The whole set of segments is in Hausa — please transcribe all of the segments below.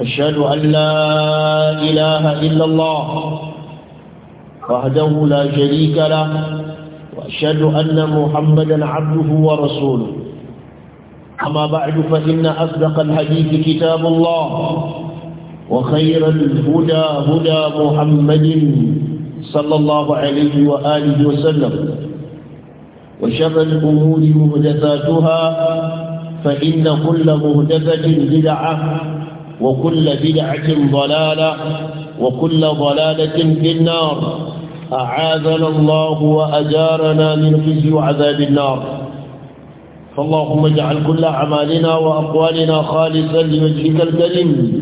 أشهد أن لا إله إلا الله وحده لا شريك له وأشهد أن محمدا عبده ورسوله أما بعد فإن أصدق الحديث كتاب الله وخير الهدى هدى محمد صلى الله عليه وآله وسلم وشر الأمور مهدثاتها فإن كل مهدثة بدعة وكل بدعة ضلالة وكل ضلالة في النار أعاذنا الله وأجارنا من خزي عذاب النار فاللهم اجعل كل أعمالنا وأقوالنا خالصا لوجهك الكريم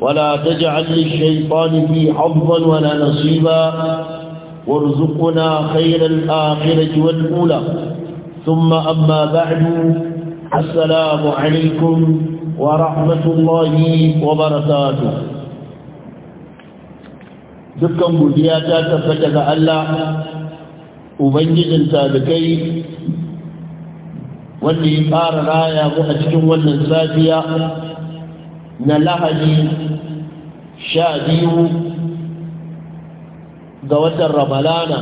ولا تجعل للشيطان في حظا ولا نصيبا وارزقنا خير الآخرة والأولى ثم أما بعد السلام عليكم ورحمة الله وبركاته dukkan godiya ta tabbata ga Allah ubangijin talibai wanda ya fara raya mu a cikin wannan safiya na lahadi sha biyu ga watan ramalana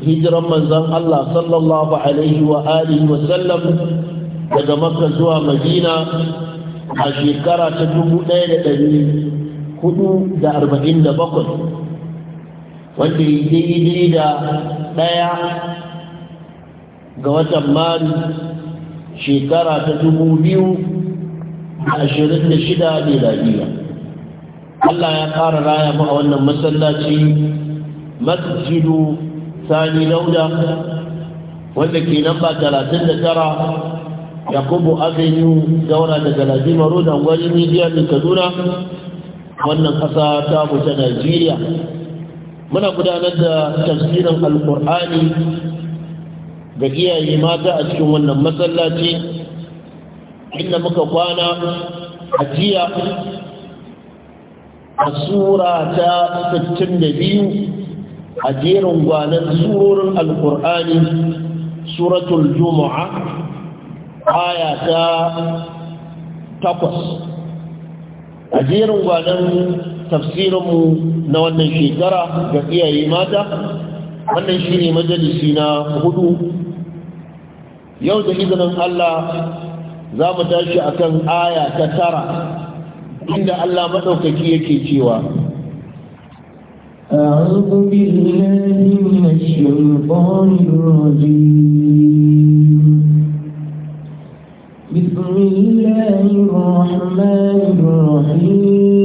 hijiran manzon Allah sallallahu alaihi wa sallam daga makka zuwa madina a shekara ta dubu ɗaya da ɗari hudu da arba'in da bakwai wanda ya daidai da ɗaya ga watan mari shekara ta dubu biyu da ashirin da shida miladiya Allah ya ƙara raya mu a wannan masallaci masjidu sani lauda wanda ke nan ba talatin da tara yakubu avenue daura daga ladima road angwari media da kaduna wannan kasa ta mu ta najeriya muna gudanar da tafsirin alkur'ani ga iyaye mata a cikin wannan masallaci inda muka kwana a jiya a sura ta 62 a jerin gwanon surorin alkur'ani suratul juma'a aya ta takwas a jerin gwanon tafsirinmu na wannan shekara ga iyaye mata wannan shi ne majalisi na hudu yau da izinin Allah za mu tashi a kan aya ta tara inda Allah maɗaukaki yake cewa أعوذ بالله من الشيطان الرجيم الله الرحمن الرحيم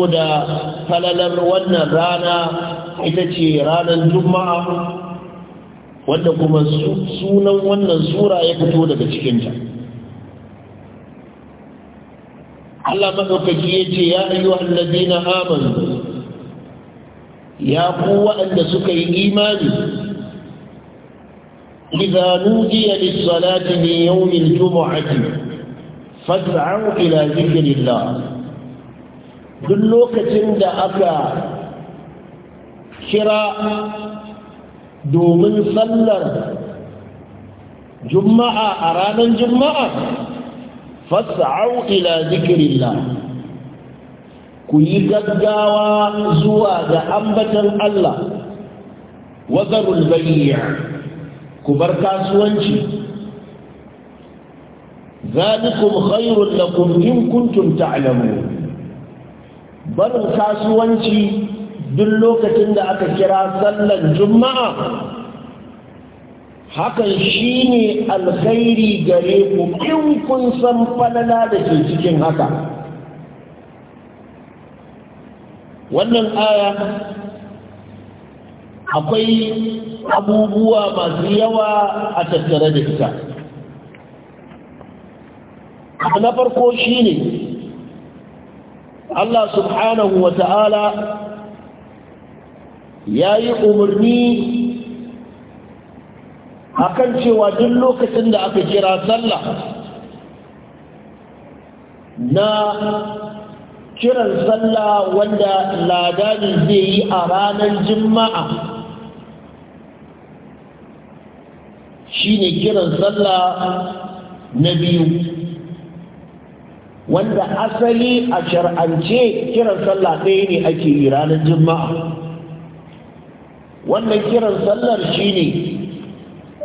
saboda falalar wannan rana ita ce ranar juma'a wadda kuma sunan wannan sura ya fito daga cikinta Allah maɗaukaki ya ce ya ayyuhan ladina amanu ya ku waɗanda suka yi imani إذا نودي للصلاة من يوم الجمعة فاسعوا ila ذكر الله duk lokacin da aka kira domin sallar juma'a a ranar juma'a fasa'au ila zikirillah ku yi gaggawa zuwa ga ambatan Allah wazarul bayya ku bar kasuwanci zalikum khairun lakum in kuntum ta'lamun barin kasuwanci duk lokacin da aka kira sallar juma'a hakan shi ne alkhairi gare ku in kun san falala da ke cikin haka wannan aya akwai abubuwa masu yawa a tattare da ita na farko shi ne Allah subhanahu wa ta'ala ya yi umarni a kan cewa duk lokacin da aka kira sallah na kiran sallah wanda ladani zai yi a ranar jima'a shi ne kiran sallah na biyu wanda asali a shar'ance kiran sallah ɗaya ne ake yi ranar juma'a wannan kiran sallar shi ne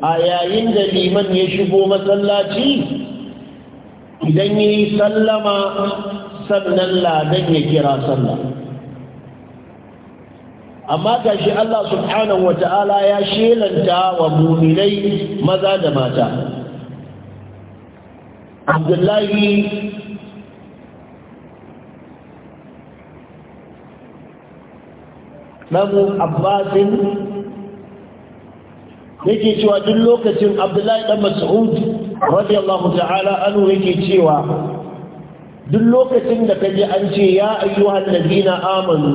a yayin da liman ya shigo masallaci idan ya yi sallama sannan ladan ya kira sallah amma shi Allah subhanahu wa ta'ala ya shelanta wa muminai maza da mata abdullahi namu abbasin yake cewa duk lokacin abdullahi dan mas'ud radiyallahu ta'ala anu yake cewa duk lokacin da kaje an ce ya ayyuhan ladina amanu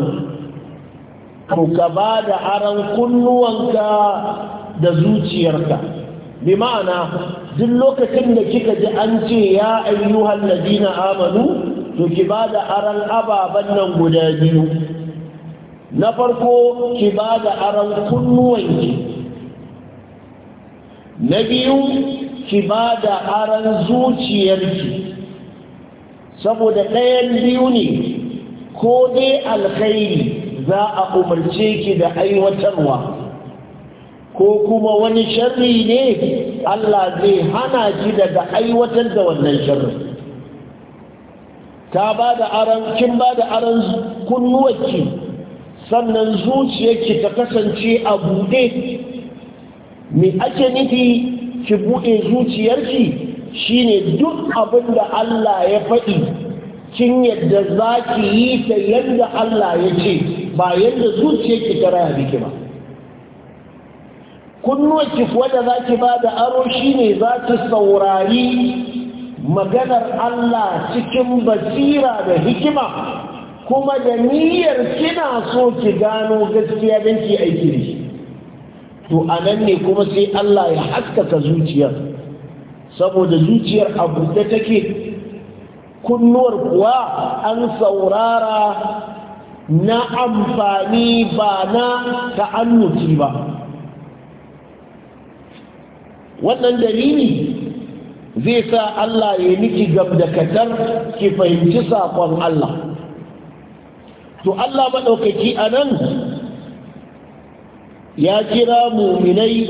to ka da aran kunnuwanka da zuciyarka bi ma'ana duk lokacin da kika ji an ce ya ayyuhan ladina amanu to ki bada da aran ababan nan guda biyu na farko ki ba da aron kunnuwanki na biyu ki ba da aron zuciyarki saboda ɗayan biyu ne ko dai alkhairi za a umarce ki da aiwatarwa ko kuma wani sharri ne Allah zai hana ki daga aiwatar da wannan sharri ta ba da aron kin ba da aron kunnuwarki sannan zuciyarki ta kasance a buɗe me ake nufi ki buɗe zuciyarki shine duk abin da Allah ya faɗi kin yadda za ki yi ta yadda Allah ya ce ba yadda zuciyarki ta raya biki ba kunnuwarki kuwa da za ki ba da aro shine za ki saurari maganar Allah cikin basira da hikima kuma da niyyar kina so ki gano gaskiya don ki aiki da shi to a nan ne kuma sai Allah ya haskaka zuciyar saboda zuciyar a buɗe take kunnuwar kuwa an saurara na amfani ba na ta'annuci ba wannan dalili zai sa Allah ya niki gab da katar ki fahimci saƙon Allah to Allah maɗaukaki a nan ya kira muminai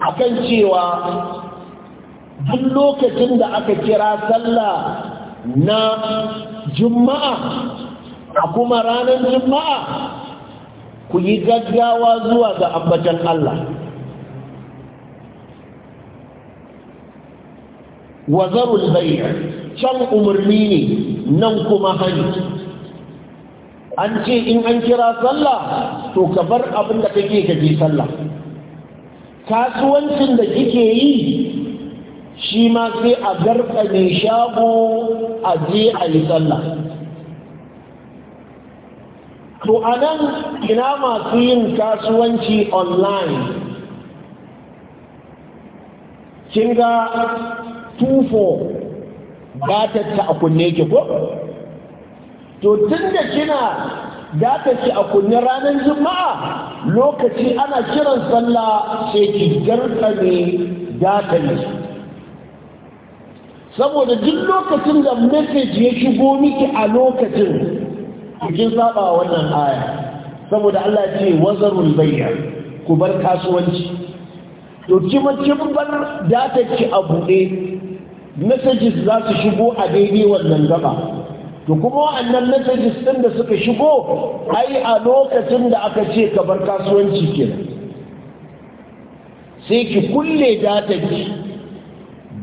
akan cewa duk lokacin da aka kira sallah na juma'a a kuma ranar juma'a ku yi gaggawa zuwa ga ambatan Allah wa zarul bai can umarni ne nan kuma hani an ce in an kira sallah to ka bar abin da kake ka je sallah kasuwancin da kike yi shi ma sai a garkame shago a je a yi sallah to a nan ina masu yin kasuwanci online kin ga tufo gatarta a kunne ki ko to tun da kina dataki a kunne ranar juma'a lokaci ana kiran sallah sai ki garkame yi. saboda duk lokacin da message ya shigo miki a lokacin kin saba wannan aya saboda Allah ya ce wazarul bayya ku bar kasuwanci to kima kin bar dataki a buɗe messages za su shigo a daidai wannan gaba to kuma wa'annan messages ɗin da suka shigo ai a lokacin da aka ce ka bar kasuwanci kenan sai ki kulle dataki,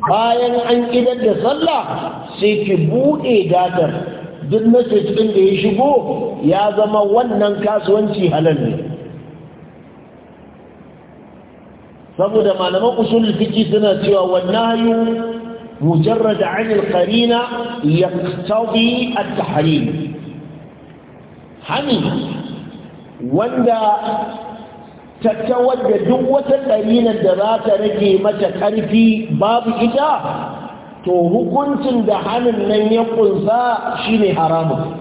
bayan an idan da sallah sai ki buɗe datar duk message ɗin da ya shigo ya zama wannan kasuwanci halal ne saboda malaman usul fiki suna cewa wannan مجرد عن القرينة a التحريم hani wanda ta kawar da duk wata ɗarinar da za ta rage mata ƙarfi babu ita to hukuncin da hanin nan ya kunsa shine haramun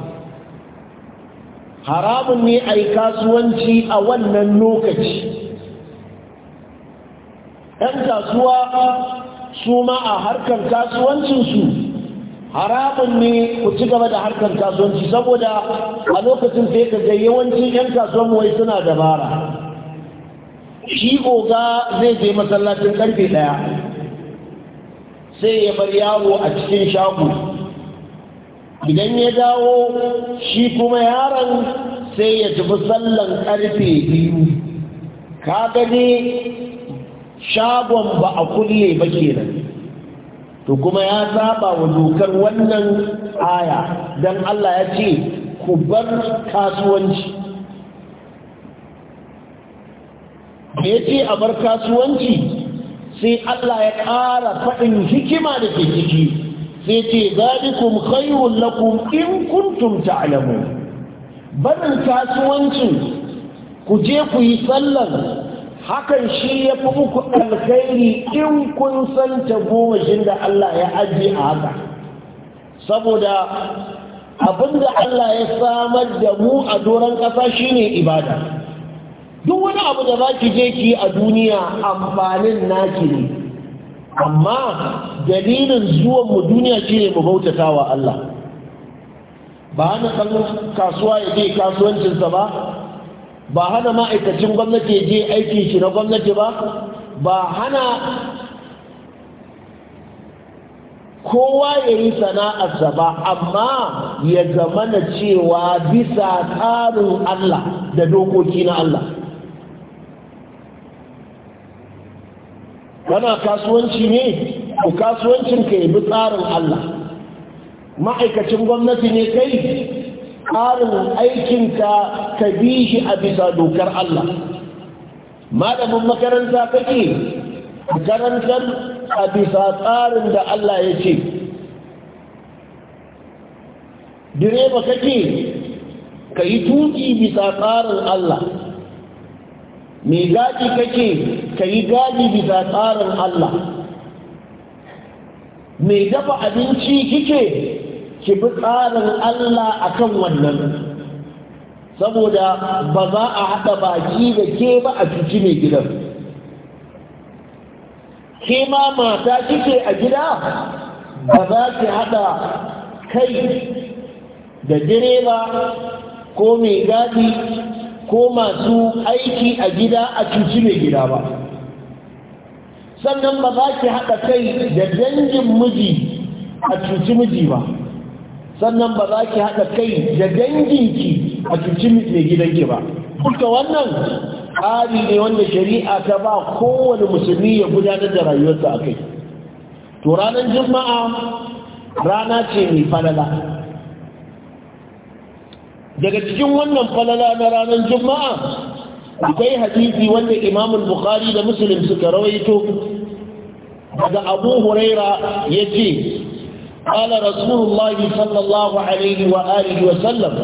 haramun ne a yi kasuwanci a wannan lokaci ɗan kasuwa su ma a harkar kasuwancinsu haramun ne ku ci gaba da harkar kasuwanci saboda a lokacin sai ka ga yawancin 'yan kasuwan wai suna dabara shi oga zai je masallacin karfe daya sai ya bar yawo a cikin shago idan ya dawo shi kuma yaron sai ya tafi sallan karfe biyu ka gani shagon ba a kulle ba kenan to kuma ya saba wa dokar wannan aya don Allah ya ce ku bar kasuwanci da ya ce a bar kasuwanci sai Allah ya ƙara faɗin hikima da ke ciki sai ce zalikum khayrun lakum in kuntum ta'lamun barin kasuwancin ku je ku yi sallar hakan shi ya fi muku alkhairi in kun san tagomashin da Allah ya ajiye a haka saboda abinda Allah ya samar da mu a doron ƙasa shine ibada duk wani abu da za ki je ki a duniya amfanin naki ne amma dalilin zuwan mu duniya shine mu bautata wa Allah ba hana kasuwa ya je kasuwancinsa ba ba hana ma'aikacin gwamnati ya je aiki shi na gwamnati ba ba hana kowa ya yi sana'arsa ba amma ya zama na cewa bisa tsarin Allah da dokoki na Allah Wana kasuwanci ne Ku kasuwancin ka yi tsarin Allah ma'aikacin gwamnati ne kai tsarin aikinka ka bi shi a bisa dokar Allah malamin makaranta kake karantar a bisa tsarin da Allah ya ce direba kake ka yi tuki bisa tsarin Allah mai gadi kake ka yi gadi bisa tsarin Allah mai dafa abinci kike ki bi tsarin Allah a kan wannan saboda ba za a haɗa baki da ke ba a cuci mai gidan ke ma mata kike a gida ba za ki haɗa kai da direba ko mai gadi ko masu aiki a gida a cuci mai gida ba sannan ba za ki haɗa kai da dangin miji a cuci miji ba sannan ba za ki haɗa kai da danginki a cikin mai gidanki ba duka wannan tsari ne wanda shari'a ta ba kowane musulmi ya gudanar da rayuwarsa a kai to ranar juma'a rana ce mai falala daga cikin wannan falala na ranar juma'a akwai hadisi wanda imamun bukhari da muslim suka rawaito daga abu huraira ya ce قال رسول الله صلى الله عليه وآله وسلم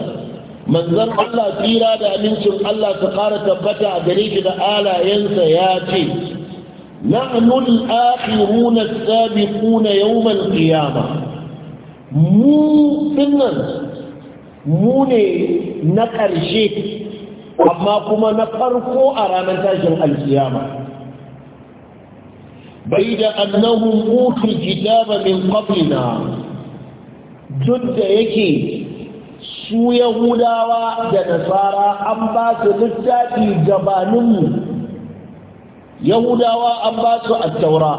من ذر الله تيرا دا منكم الله تقار تبتع دريك دا آلا ينسى ياتي نحن الآخرون السابقون يوم القيامة مو إنن mu ne na ƙarshe amma kuma na farko a ranar tashin alkiyama baida annahum utu kitaba min qablina duk da yake su yahudawa da nasara an ba su littafi gabaninmu yahudawa an ba su attaura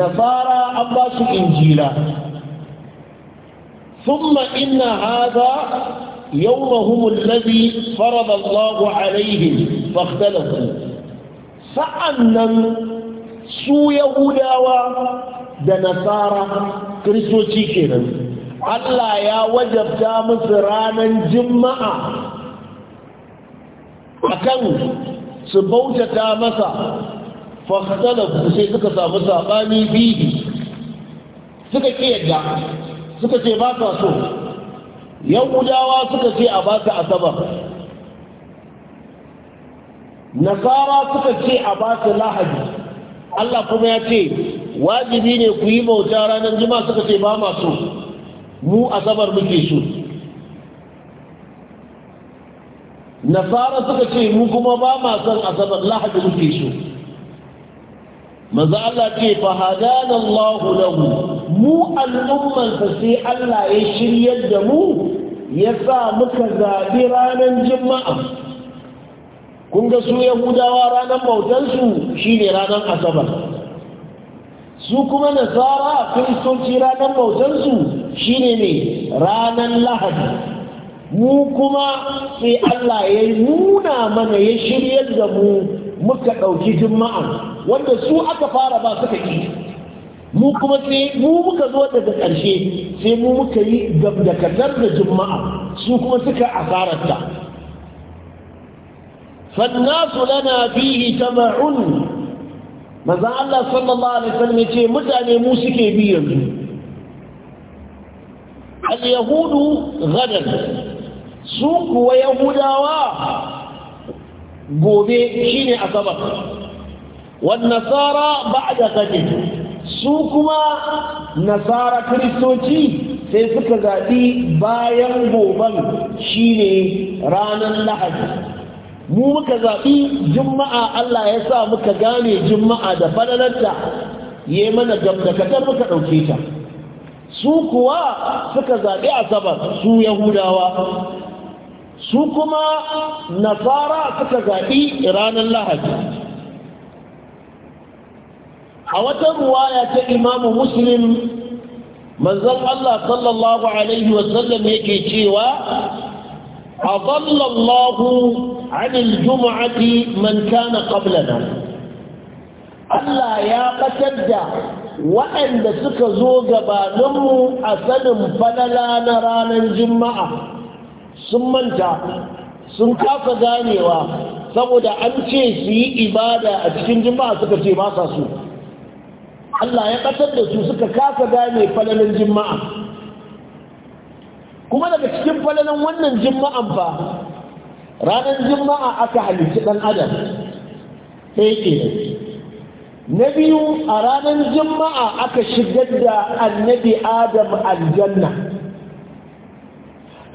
nasara an ba su injila thumma inna hadha yawmahum allazi farada Allahu alaihim fa ikhtalafu sa'annan su yahudawa da nasara kristoci kenan Allah ya wajabta musu ranar juma'a akan su bautata masa fahtalafu sai suka samu sabani bibi suka kiyarda suka ce ba ta so yahudawa suka ce a ba ta asabar nasara suka ce a ba ta lahadi Allah kuma ya ce wajibi ne ku yi bauta ranar juma'a suka ce ba ma so mu asabar muke so nasara suka ce mu kuma ba ma son asabar lahadi muke so Maza Allah ce fa hadana Allah lahu mu al'umman sai Allah ya shiryar da mu ya sa muka zabi ranar juma'a kun ga su yahudawa ranar bautansu shi ne ranar asabar su kuma nasara kiristoci ranar bautansu shi ne ne ranar lahadi mu kuma sai allah ya nuna mana ya shiryar da mu muka ɗauki juma'a wanda su aka fara ba suka ke. mu kuma sai mu muka zo daga ƙarshe sai mu muka yi gabdakatar da juma'a su kuma suka asararta فالناس لنا فيه تبع maza Allah sallallahu alaihi wasallam ce mutane mu suke bi yanzu al-yahudu gadan su kuwa yahudawa gobe shine asabar wan nasara ba'da gadin su kuma nasara kiristoci sai suka zaɓi bayan goban shine ranar lahadi mu muka zaɓi juma'a Allah ya sa muka gane juma'a da fadalarta ya yi mana gamdakatar muka ɗauke ta su kuwa suka zaɓi asabar su yahudawa su kuma nasara suka zaɓi ranar lahadi a wata ruwaya ta imamu muslim manzon Allah sallallahu alaihi wasallam yake cewa أضل الله عن الجمعة من كان قبلنا ألا يا قتدى وأن سكزو قبانم أسلم فللا نرانا الجمعة ثم انت sun kasa ganewa saboda an ce su yi ibada a cikin jima'a suka ce ba sa Allah ya ƙasar da su suka kasa gane falalin jima'a kuma daga cikin falalan wannan jima'an fa ranar jima'a aka halitta ɗan adam sai ke na biyu a ranar jima'a aka shigar da annabi adam aljanna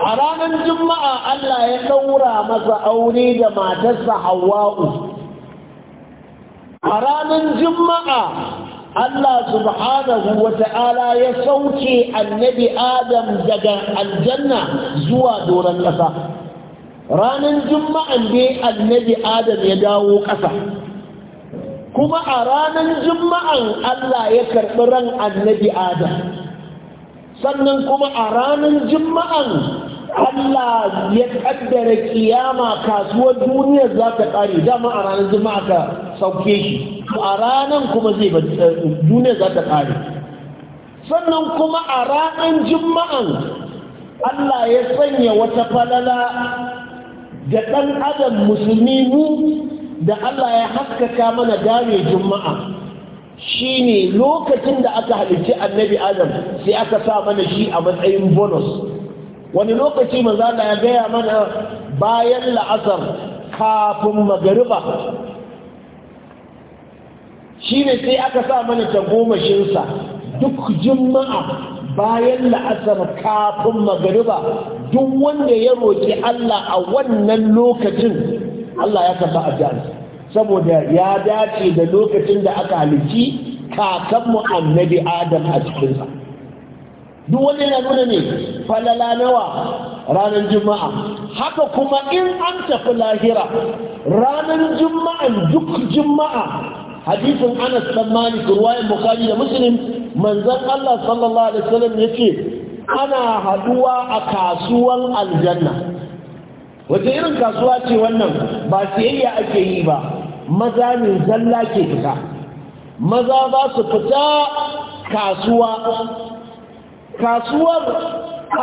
a ranar jima'a allah ya ɗaura masa aure da matarsa hawa'u a ranar jima'a Allah subhanahu wa ta'ala ya sauke annabi Adam daga aljanna zuwa doron ƙasa. Ranar Juma'an ne annabi Adam ya dawo ƙasa. Kuma a ranar Juma'an Allah ya karɓi ran annabi Adam. Sannan kuma a ranar Juma'an Allah ya ƙaddara kiyama kasuwar duniyar za ta ƙare dama a ranar Juma'a ka sauke shi. to a ranan kuma zai eh, duniya za ta ƙare sannan kuma a ranan juma'an Allah ya sanya wata falala da ɗan adam musulmi mu da Allah ya haskaka mana dare juma'a Shi ne lokacin da aka halicci annabi adam sai aka sa mana shi a matsayin bonus wani lokaci manzo ya gaya mana bayan la'asar kafin magariba shine sai aka sa mana tagomashinsa duk juma'a bayan la'asar kafin magariba duk wanda ya roƙi Allah a wannan lokacin Allah ya kafa ajiyar saboda ya dace da lokacin da aka halici kakanmu annabi adam a cikinsa duk wanda ya nuna ne falala nawa ranar juma'a haka kuma in an tafi lahira ranar juma'a duk juma'a hadisin anas dan malik ruwayan bukhari da muslim manzon Allah sallallahu alaihi wasallam yace ana haduwa a kasuwan aljanna wace irin kasuwa ce wannan ba siyayya ake yi ba maza ne zalla ke fita maza za su fita kasuwa kasuwar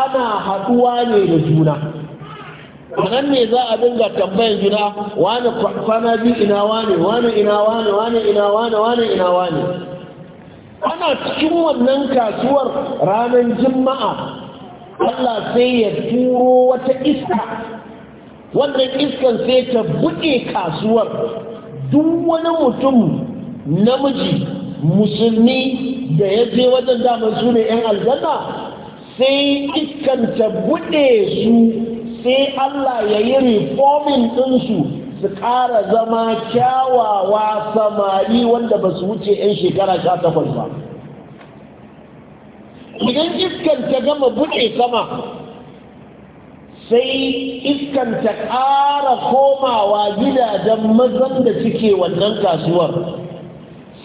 ana haduwa ne da juna nan ne za a dinga tambayan juna wani kwana biyu ina wani wani ina wani wani ina wani wani ina wani ana cikin wannan kasuwar ranar juma'a Allah sai ya turo wata iska wannan iskan sai ta buɗe kasuwar duk wani mutum namiji musulmi da ya je wajen damar su ne 'yan aljanna sai iskan ta buɗe su sai Allah ya yi reforming ɗinsu su ƙara zama kyawawa samari wanda ba su wuce 'yan shekara sha takwas ba idan iskan ta gama buɗe sama sai iskan ta ƙara komawa gidajen mazan da suke wannan kasuwar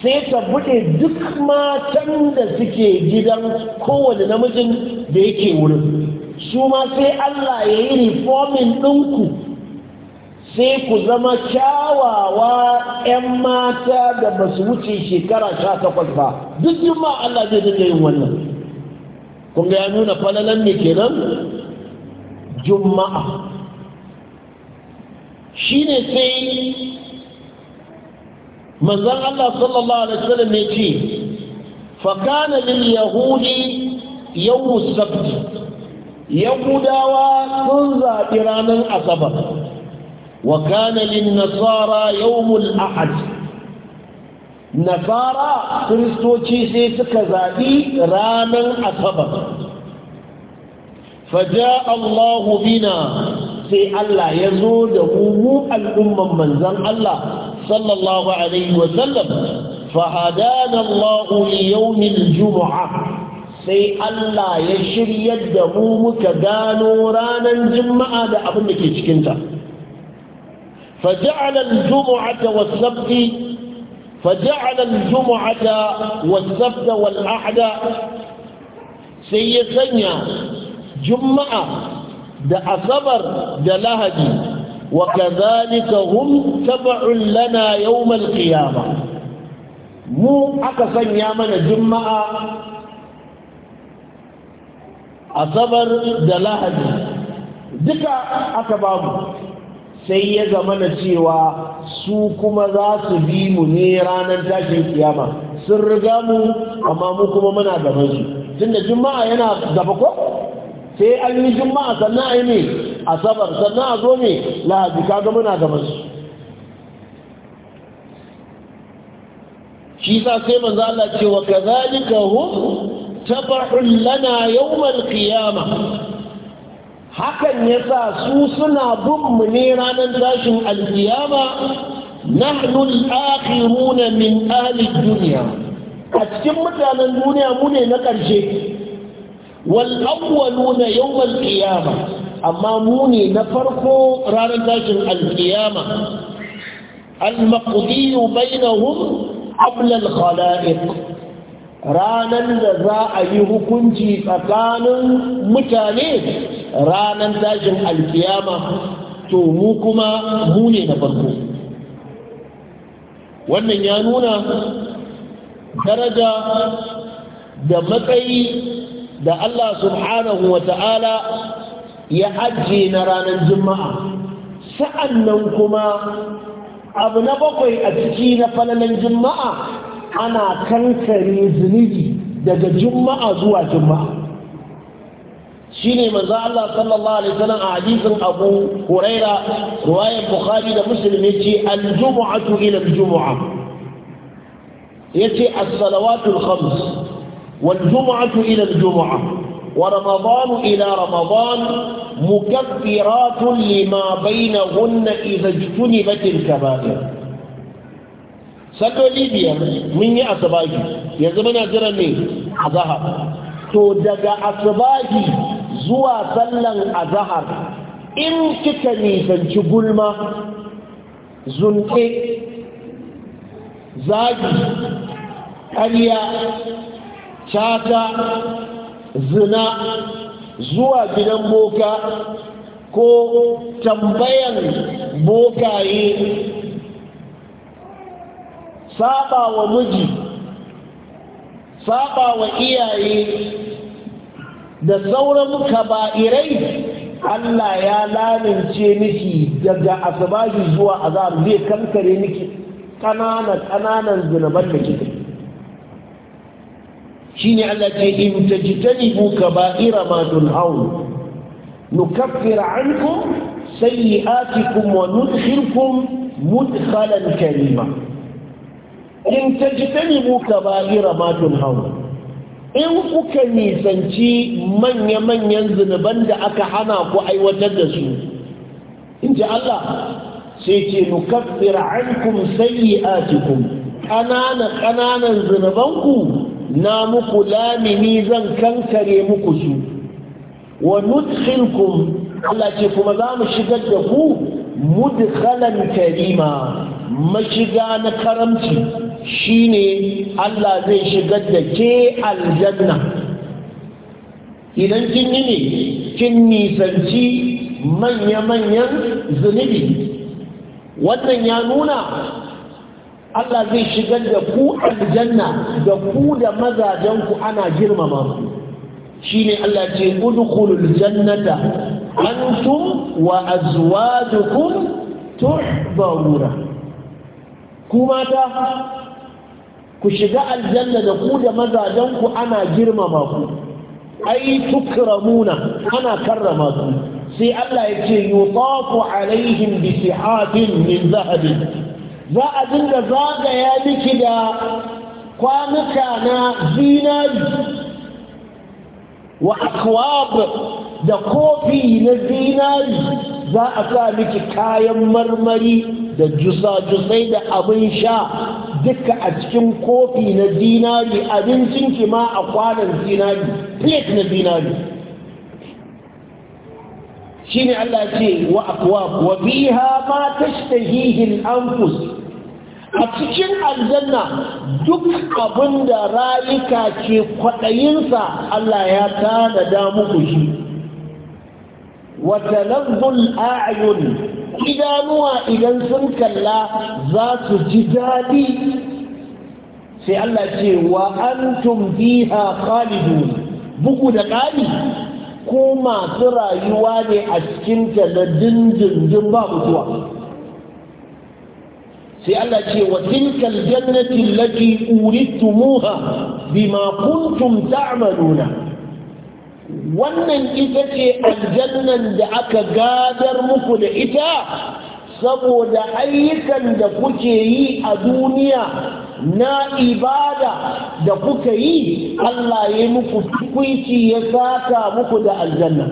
sai ta buɗe duk matan da suke gidan kowane namijin da yake wurin su ma sai Allah ya yi reforming ɗinku sai ku zama kyawawa 'yan mata da ba su wuce shekara sha takwas ba duk yin ma Allah zai dinga yin wannan kun ga ya nuna falalan ne kenan juma'a shi ne sai manzan Allah sallallahu alaihi wasallam ya ce fakana lil yahudi yawmus sabt yahudawa sun zaɓi ranar asabar wa kana nasara yawmul ahad nasara kristoci sai suka zaɓi ranar asabar faja allahu bina sai allah ya zo da mu al'umman manzan allah sallallahu alaihi wasallam فهدانا الله ليوم juma'a. sai Allah ya shiryar da mu muka gano ranar juma'a da abin da ke cikinta فجعل الجمعة والسبت فجعل الجمعة والسبت والأحد سيسنيا جمعة دا أصبر دا لهدي وكذلك هم تبع لنا يوم القيامة مو أكسن يامن جمعة asabar da lahadi duka aka babu sai ya zama na cewa su kuma za su bi mu ne ranar tashin kiyama sun riga mu amma mu kuma muna gaba su tunda juma'a yana gaba ko sai an yi juma'a sannan a yi ne asabar sannan a zo ne lahadi kaga muna gaba su shi sa sai manzo Allah ce wa hum تبع لنا يوم القيامة hakan ya sa su suna bin mu ne ranar tashin alkiyama nahnu al-akhiruna min ahli dunya a cikin mutanen duniya mu ne na ƙarshe wal awwaluna yawm al-qiyama amma mu ne na farko ranar tashin alkiyama al-maqdi bainahum qabla al-khalaiq ranan da za a yi hukunci tsakanin mutane ranan tashin alkiyama to mu kuma mu ne na farko wannan ya nuna daraja da matsayi da Allah subhanahu wa ta'ala ya ajiye na ranar juma'a sa'an nan kuma abu na bakwai a ciki na falalan juma'a ana kankare zunubi daga juma'a zuwa juma'a shine manzo Allah sallallahu alaihi wasallam a hadisin Abu Huraira riwayar Bukhari da Muslim yace al-jum'atu ila al-jum'a yace as-salawatu al-khams wal-jum'atu ila al-jum'a wa ramadan ila ramadan mukaffiratun lima bainahunna idha ijtunibat al-kaba'ir salloli biyar mun yi asabagi yanzu muna jira ne a zahar to daga asabagi zuwa sallan a zahar in kika nisanci gulma zunke zagi ƙarya cata zina zuwa gidan boka ko tambayan bokaye saba wa miji saba wa iyaye da sauran kaba'irai Allah ya lalince miki daga asabahi zuwa azab zai kankare miki ƙananan ƙananan zunuban da kike shine Allah ce in tajtanibu kaba'ira ma tunhaun nukaffir ankum sayyi'atikum wa nudkhilkum mudkhalan karima in ta ji tani muka ba'ira matun hau in kuka nisanci manya-manyan zunuban da aka hana ku aiwatar da su in ji Allah sai ce nukaffir ankum sayyi'atikum ƙananan ƙananan ku na muku lamini zan kankare muku su wa nudkhilkum Allah ce kuma za mu shigar da ku mudkhalan karima mashiga na karamci shine Allah zai shigar da ke aljanna idan kin yi ne kin nisanci manya-manyan zunubi wannan ya nuna Allah zai shigar da ku aljanna da ku da mazajenku ana girmama ku shine Allah ce udkhulul jannata antum wa azwajukum tuhbaruna ku mata ku shiga aljanna da ku da mazajen ku ana girmama ku ai tukramuna ana karrama ku sai Allah ya ce yutafu alaihim bi sihatin min zahabin za a dinga zagaya miki da kwanuka na zinari wa akwab da kofi na zinari za a sa miki kayan marmari da jusa-jusai da abin sha duka a cikin kofi na dinari abincin ki ma a kwanan dinari plate na dinari shine Allah ce wa akwab wa biha ma tashtahihi anfus a cikin aljanna duk abin da rayuka ke kwaɗayinsa Allah ya tanada muku shi wata lafzul a'yun idanuwa idan sun kalla za su ji daɗi sai Allah ce wa antum fiha khalidu bugu da ƙari ko masu rayuwa ne a cikin da dindindin ba mutuwa sai Allah ce wa tilkal jannati allati uritumuha bima kuntum ta'maluna wannan ita ce aljannan da aka gadar muku da ita saboda ayyukan da kuke yi a duniya na ibada da kuka yi Allah ya muku tukunci ya saka muku da aljanna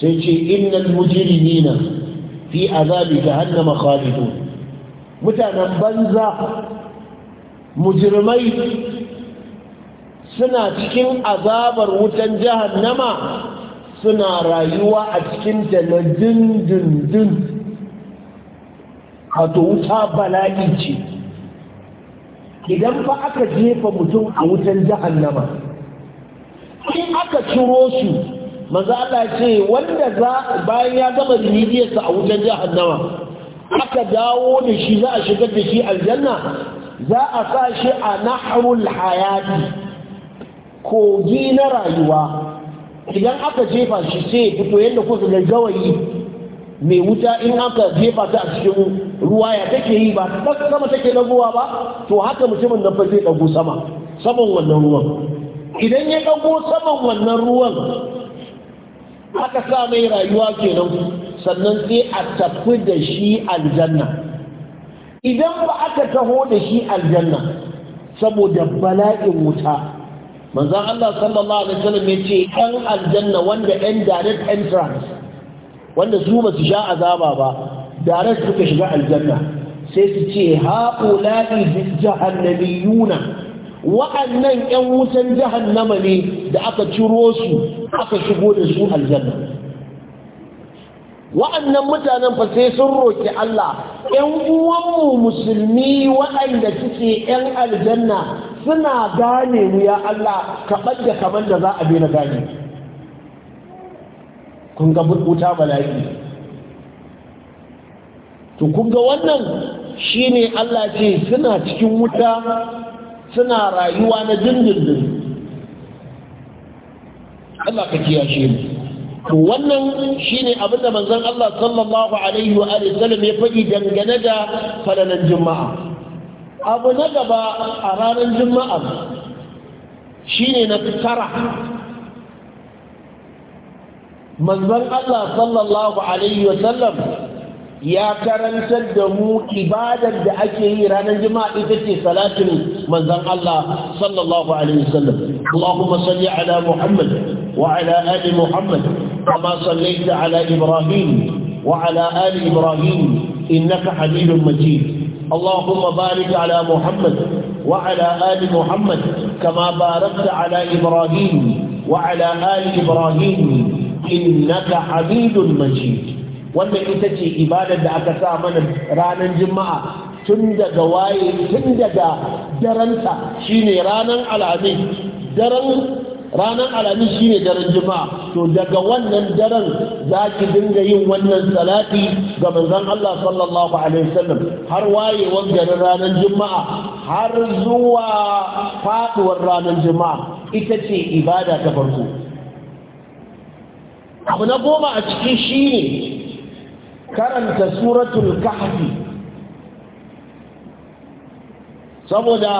sai ce innal mujrimina fi azabi jahannama khalidun mutanen banza mujirmai. suna cikin azabar wutan jahannama suna rayuwa a cikin ta na dindindin wuta bala'i ce idan ba aka jefa mutum a wutan jahannama in aka ciro su maza Allah ce wanda za bayan ya gama zinidiyarsa a wutan jahannama aka dawo da shi za a shigar da shi aljanna za a sa shi a nahrul hayati kogi na rayuwa idan aka jefa shi sai fito yadda kusa da gawayi mai wuta in aka jefa ta a cikin ruwa ya take yi ba ta sama take dagowa ba to haka mutumin nan fa zai dago sama saman wannan ruwan idan ya dago saman wannan ruwan aka sa mai rayuwa kenan sannan sai a tafi da shi aljanna idan ba aka taho da shi aljanna saboda bala'in wuta manzon Allah sallallahu alaihi wasallam ya ce ɗan aljanna wanda ɗan direct entrance wanda su ba su sha azaba ba direct suka shiga aljanna sai su ce haula'i jahannamiyuna wa'annan ƴan wutan jahannama ne da aka ciro su aka shigo da su aljanna wa'annan mutanen fa sai sun roki Allah ‘yan uwanmu musulmi waɗanda suke ‘yan aljanna suna gane mu ya Allah kaɓar da kamar da za a na gane kun ga buɗuta bala'i to kun ga wannan shi ne Allah ce suna cikin wuta suna rayuwa na dindindin Allah ka shi ne to wannan shi ne abinda manzon Allah sallallahu alaihi wa ya faɗi dangane da falalan juma'a abu na gaba a ranar juma'a shine na tara manzon Allah sallallahu alaihi wasallam ya karantar da mu ibadar da ake yi ranar juma'a ita ce salatin manzon Allah sallallahu alaihi wasallam Allahumma salli ala Muhammad wa ala ali Muhammad kama sallaita ala Ibrahim wa ala ali Ibrahim innaka Hamidum Majid اللهم بارك على محمد وعلى آل محمد كما باركت على إبراهيم وعلى آل إبراهيم إنك حميد مجيد wannan ita ce ibadar da aka sa mana ranar juma'a tun daga waye tun daga daranta shine ranar alhamis daren ranar alhamis shine daren juma'a to daga wannan daren za ki dinga yin wannan salati ga manzon Allah sallallahu alaihi wasallam har wayewar garin ranar juma'a har zuwa faduwar ranar juma'a ita ce ibada ta farko abu na goma a cikin shine karanta suratul kahfi saboda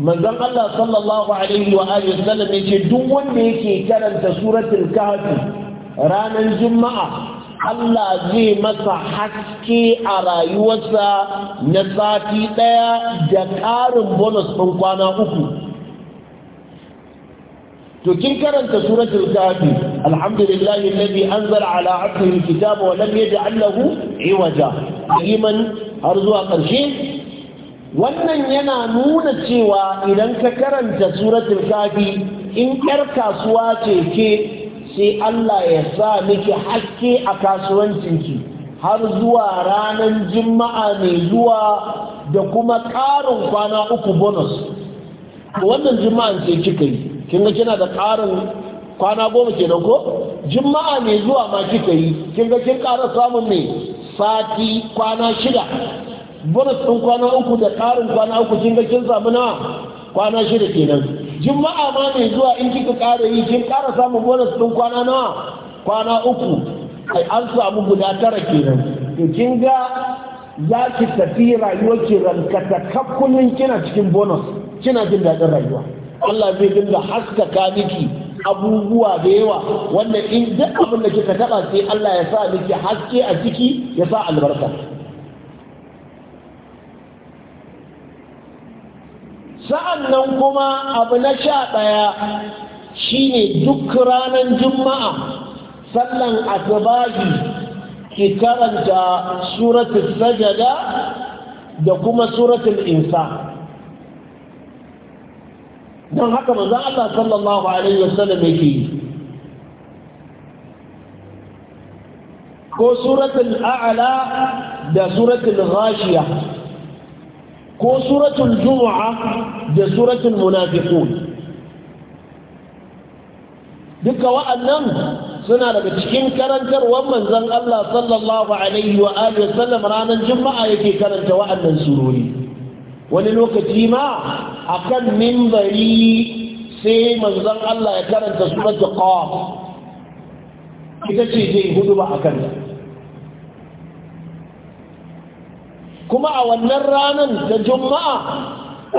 manzon Allah sallallahu alaihi wa alihi yace duk wanda yake karanta suratul kahf ranar juma'a Allah zai masa haske a rayuwarsa na sati daya da ƙarin bonus ɗin kwana uku to kin karanta suratul kahf alhamdulillahi alladhi anzala ala abdihi alkitaba wa lam yaj'al lahu iwaja iman har zuwa ƙarshe wannan yana nuna cewa idan ka karanta suratul kafi in ƴar kasuwa ce ke sai Allah ya sa miki haske a kasuwancinki har zuwa ranar juma'a mai zuwa da kuma ƙarin kwana uku bonus wannan juma'a sai kika yi kin ga kina da ƙarin kwana goma ke ko juma'a mai zuwa ma kika yi kin ga kin ƙara samun mai sati kwana shida bonus ɗin kwana uku da ƙarin kwana uku kin ga kin samu kwana shida kenan juma'a ma mai zuwa in kika ƙara yi kin ƙara samu bonus ɗin kwana na? kwana uku ai an samu guda tara kenan to kin ga za ki tafi rayuwa ki rankata kakkullin kina cikin bonus kina jin daɗin rayuwa Allah zai dinga haskaka miki abubuwa da yawa wanda in duk abin da kika taɓa sai Allah ya sa miki haske a ciki ya sa albarka nan kuma abu na sha ɗaya shine duk ranar juma'a sallan asibahi ki karanta suratun sajada da kuma suratun insa don haka za a ta sallallahu alaihi wasallam yake yi ko suratun Aala da suratun rashiya ko suratul juma'a da suratul munafiqun duka wa'annan suna daga cikin karantarwar manzon Allah sallallahu alaihi wa alihi sallam ranar juma'a yake karanta wa'annan surori wani lokaci ma akan mimbari sai manzon Allah ya karanta suratul qaf ita ce zai hudu ba akan ta kuma a wannan ranar ta juma'a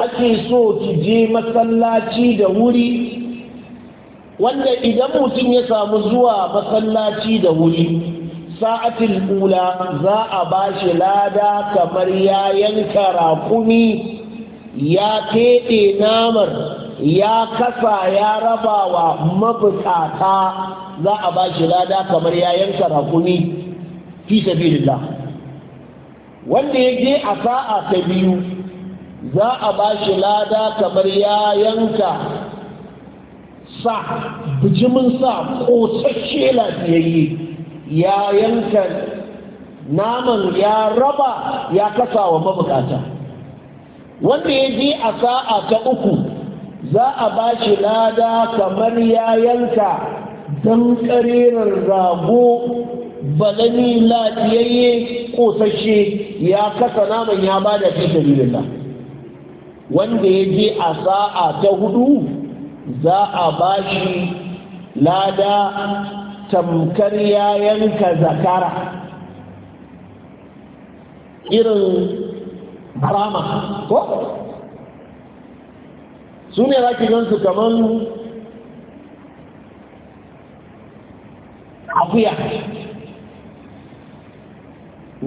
ake so ki je masallaci da wuri wanda idan mutum ya samu zuwa masallaci da wuri sa'atin kula za a ba shi lada kamar ya yanka rakumi ya keɗe namar ya kasa ya raba wa mabukata za a ba shi lada kamar ya yanka rakumi fi wanda ya je a sa'a ta biyu za a ba shi lada kamar ya yanka sa bijimin sa ƙosashe lafiyayye ya yanka naman ya raba ya kasa wa mabukata wanda ya je a sa'a ta uku za a ba shi lada kamar ya yanka don ƙarirar rago balani lafiyayye kosashe ya kasa naman ya ba da fi wanda ya je a sa'a ta hudu za a bashi lada tamkar ya yanka zakara irin harama ko su ne za ki gansu kamar akuya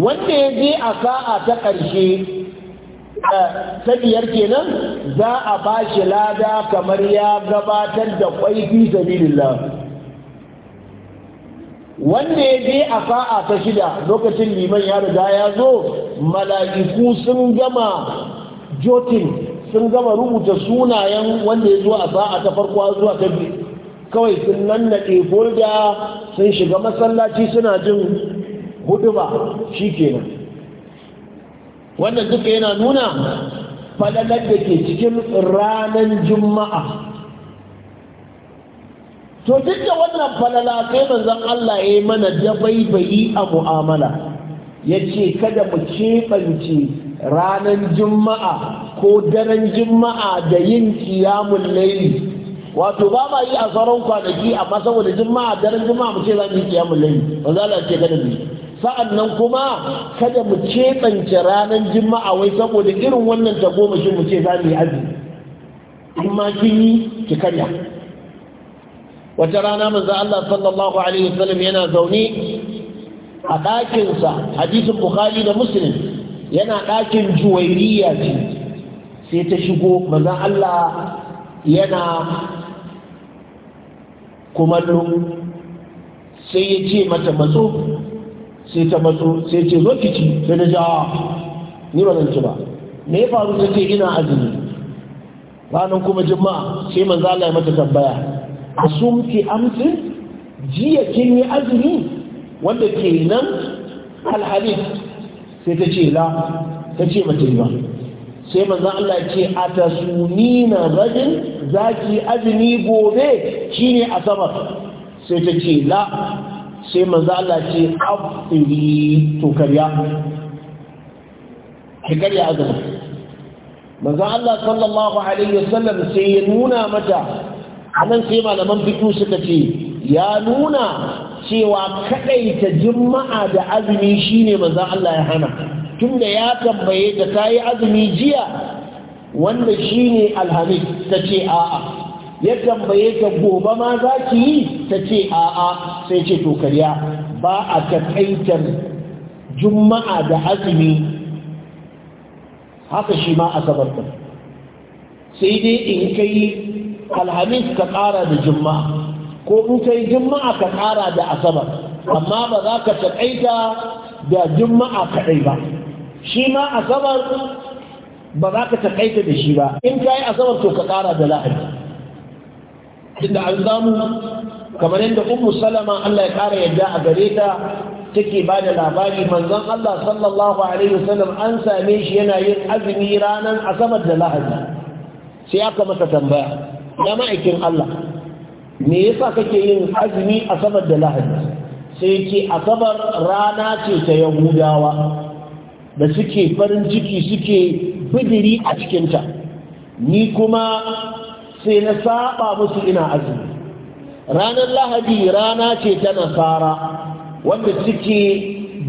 wanda ya je a sa'a ta ƙarshe eh, ta biyar kenan za a ba shi lada kamar ya gabatar da kwai fi sabilillah wanda ya je a sa'a ta shida lokacin liman ya riga ya zo mala'iku sun gama jotin sun gama rubuta sunayen wanda ya zo a sa'a ta farko zuwa ta biyu kawai sun nannaɗe folda sun shiga masallaci suna jin hudu ba shi kenan wannan duka yana nuna falalar da ke cikin ranar juma'a to duk da wannan falala sai manzon Allah ya yi mana dabaibayi a mu'amala ya ce kada mu keɓance ranar juma'a ko daren juma'a da yin kiyamun laili wato ba ma yi a sauran kwanaki amma saboda juma'a daren juma'a mu ce za mu yi kiyamun laili ba za ce kada mu yi nan kuma kada mu keɓance ranar jima'a wai saboda irin wannan tagomashin mu ce za mu yi azumi in ma kin yi ki karya wata rana manzo Allah sallallahu alaihi wasallam yana zaune a ɗakinsa hadisin bukhari da muslim yana ɗakin juwairiya ce sai ta shigo manzo Allah yana kumallo sai ya ce mata matso sai ta matso sai ce zo ki sai da jawa ni ba zan ci ba me ya faru ta ce ina azumi ranar kuma juma'a sai manzo Allah ya mata tambaya ki amsi jiya kin yi azumi wanda ke nan alhalis sai ta ce la ta ce mata ba sai manzo Allah ya ce atasunina rajin zaki azumi gobe shine asabar sai ta ce la sai manzo Allah ce afiri to karya ki karya azumi manzo Allah sallallahu alaihi wasallam sai ya nuna mata anan sai malaman fiqh suka ce ya nuna cewa kadai ta juma'a da azumi shine manzo Allah ya hana tunda ya tambaye ta kai azumi jiya wanda shine alhamis tace a'a ya tambaye ta gobe ma za ki yi ta ce a'a sai ce to karya ba a takaitar juma'a da azumi haka shi ma asabar ta sai dai in kai alhamis ka ƙara da juma'a ko in kai juma'a ka ƙara da asabar amma ba za ka takaita da juma'a kaɗai ba shi ma asabar ba za ka takaita da shi ba in ka yi asabar to ka ƙara da lahadi inda an samu kamar yadda ummu salama Allah ya kara yadda a gare ta take ba da labari manzon Allah sallallahu alaihi wasallam an same shi yana yin azumi ranan asabar da lahadi sai aka masa tambaya ya ma'aikin Allah me yasa kake yin azumi asabar da lahadi sai ce asabar rana ce ta yahudawa da suke farin ciki suke bidiri a cikinta ni kuma sai na saba musu ina azumi ranar lahadi rana ce ta nasara wanda suke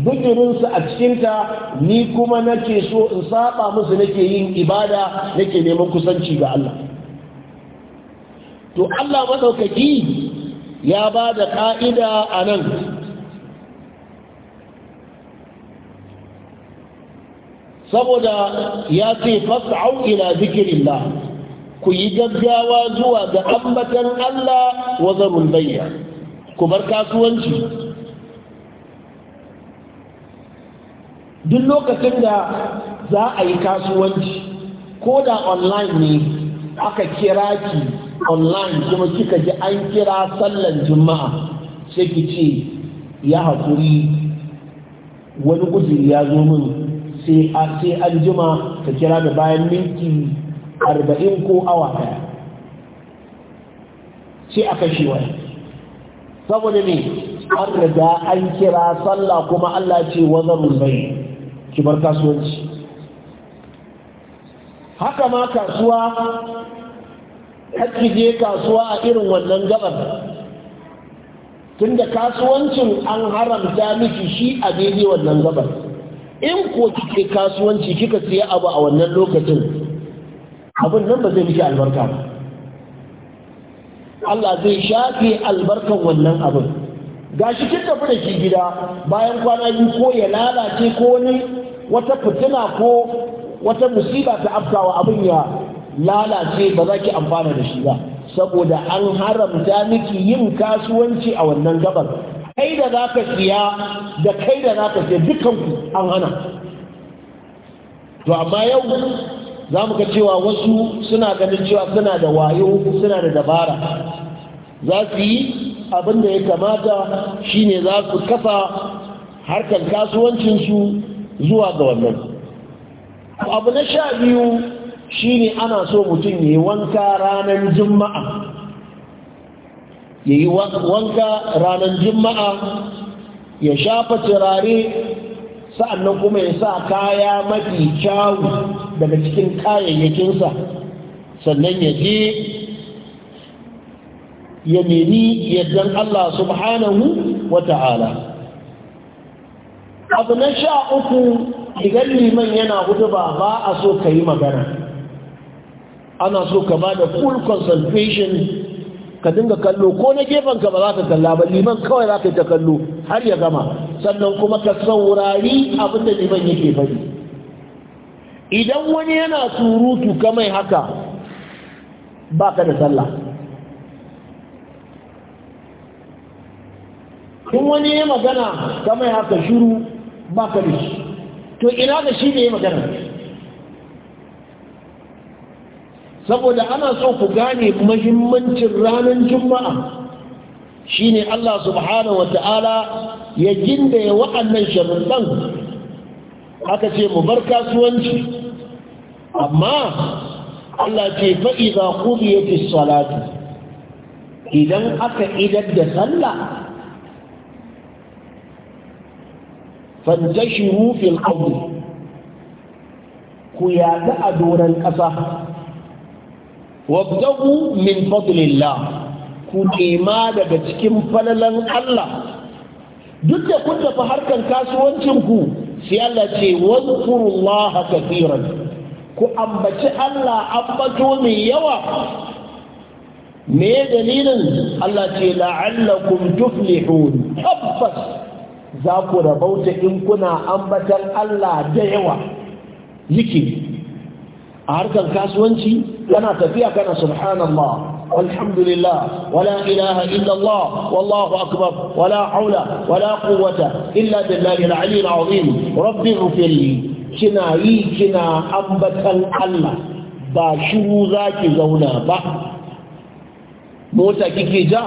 bijirinsu a cikinta ni kuma nake so in saba musu nake yin ibada nake neman kusanci ga Allah to Allah maɗaukaki ya ba da ƙa'ida a nan saboda ya ce fasa'au ila zikirin ku yi gaggawa zuwa ga ambatan Allah wa zarun bayya ku bar kasuwanci duk lokacin da za a yi kasuwanci ko da online ne aka kira ki online kuma kika ji an kira sallan juma'a sai ki ce ya haƙuri wani guzuri ya zo min sai an jima ka kira da bayan minti arba'in ko awa ɗaya, sai a kashe wani saboda ne an riga an kira sallah kuma Allah ce wazarun bai ki bar kasuwanci haka ma kasuwa hakki je kasuwa a irin wannan gabar tunda kasuwancin an haramta miki shi a daidai wannan gabar in ko kike kasuwanci kika siya abu a wannan lokacin abin nan ba zai miki albarka ba Allah zai shafe albarkan wannan abin gashi kin tafi da shi gida bayan kwana biyu ko ya lalace ko wani wata fitina ko wata musiba ta afkawa abin ya lalace ba za ki amfana da shi ba saboda an haramta miki yin kasuwanci a wannan gabar kai da za ka siya da kai da za ka siya dukanku an hana to amma yau za mu ka cewa wasu suna ganin cewa suna da wayo suna da dabara za su yi abin da ya kamata shine za su kafa harkar kasuwancinsu zuwa ga wannan abu na sha biyu shine ana so mutum ya wanka ranar juma'a ya yi wanka ranar juma'a ya shafa turare sa'annan kuma ya sa kaya mafi kyawu daga cikin kayayyakinsa sannan ya je ya nemi yaddan Allah subhanahu wa ta'ala abu na sha uku idan liman yana hudu ba ba a so ka yi magana ana so ka ba da full concentration ka dinga kallo ko na gefen ka ba za ka kalla ba liman kawai za ka ta kallo har ya gama sannan kuma ka saurari abin da liman yake faɗi idan wani yana surutu ka mai haka ba ka da sallah in wani ya magana ka mai haka shuru ba ka da shi to ina da shi ne ya magana saboda ana so ku gane mahimmancin ranar juma'a shine Allah subhanahu wata'ala ya gindaya wa'annan sharuɗan aka ce mu bar kasuwanci amma Allah ce fa'iza kudiyatis salatu idan aka idar da sallah fantashi rufin ardi ku yada a doron ƙasa wabtagu min fadlillah ku nema daga cikin falalan Allah duk da kun tafi harkan kasuwancin ku sai Allah ce wadkurullaha kafiran ku ambaci Allah ambato mai yawa me dalilin Allah ce la'allakum tuflihun tabbas za ku rabauta in kuna ambatan Allah da yawa yake a harkar kasuwanci yana tafiya kana subhanallah alhamdulillah wala ilaha illallah wallahu akbar wala haula wala quwwata illa billahi al-aliyyil azim rabbi ighfirli kina yi kina ambatan Allah ba shiru zaki zauna ba mota kike ja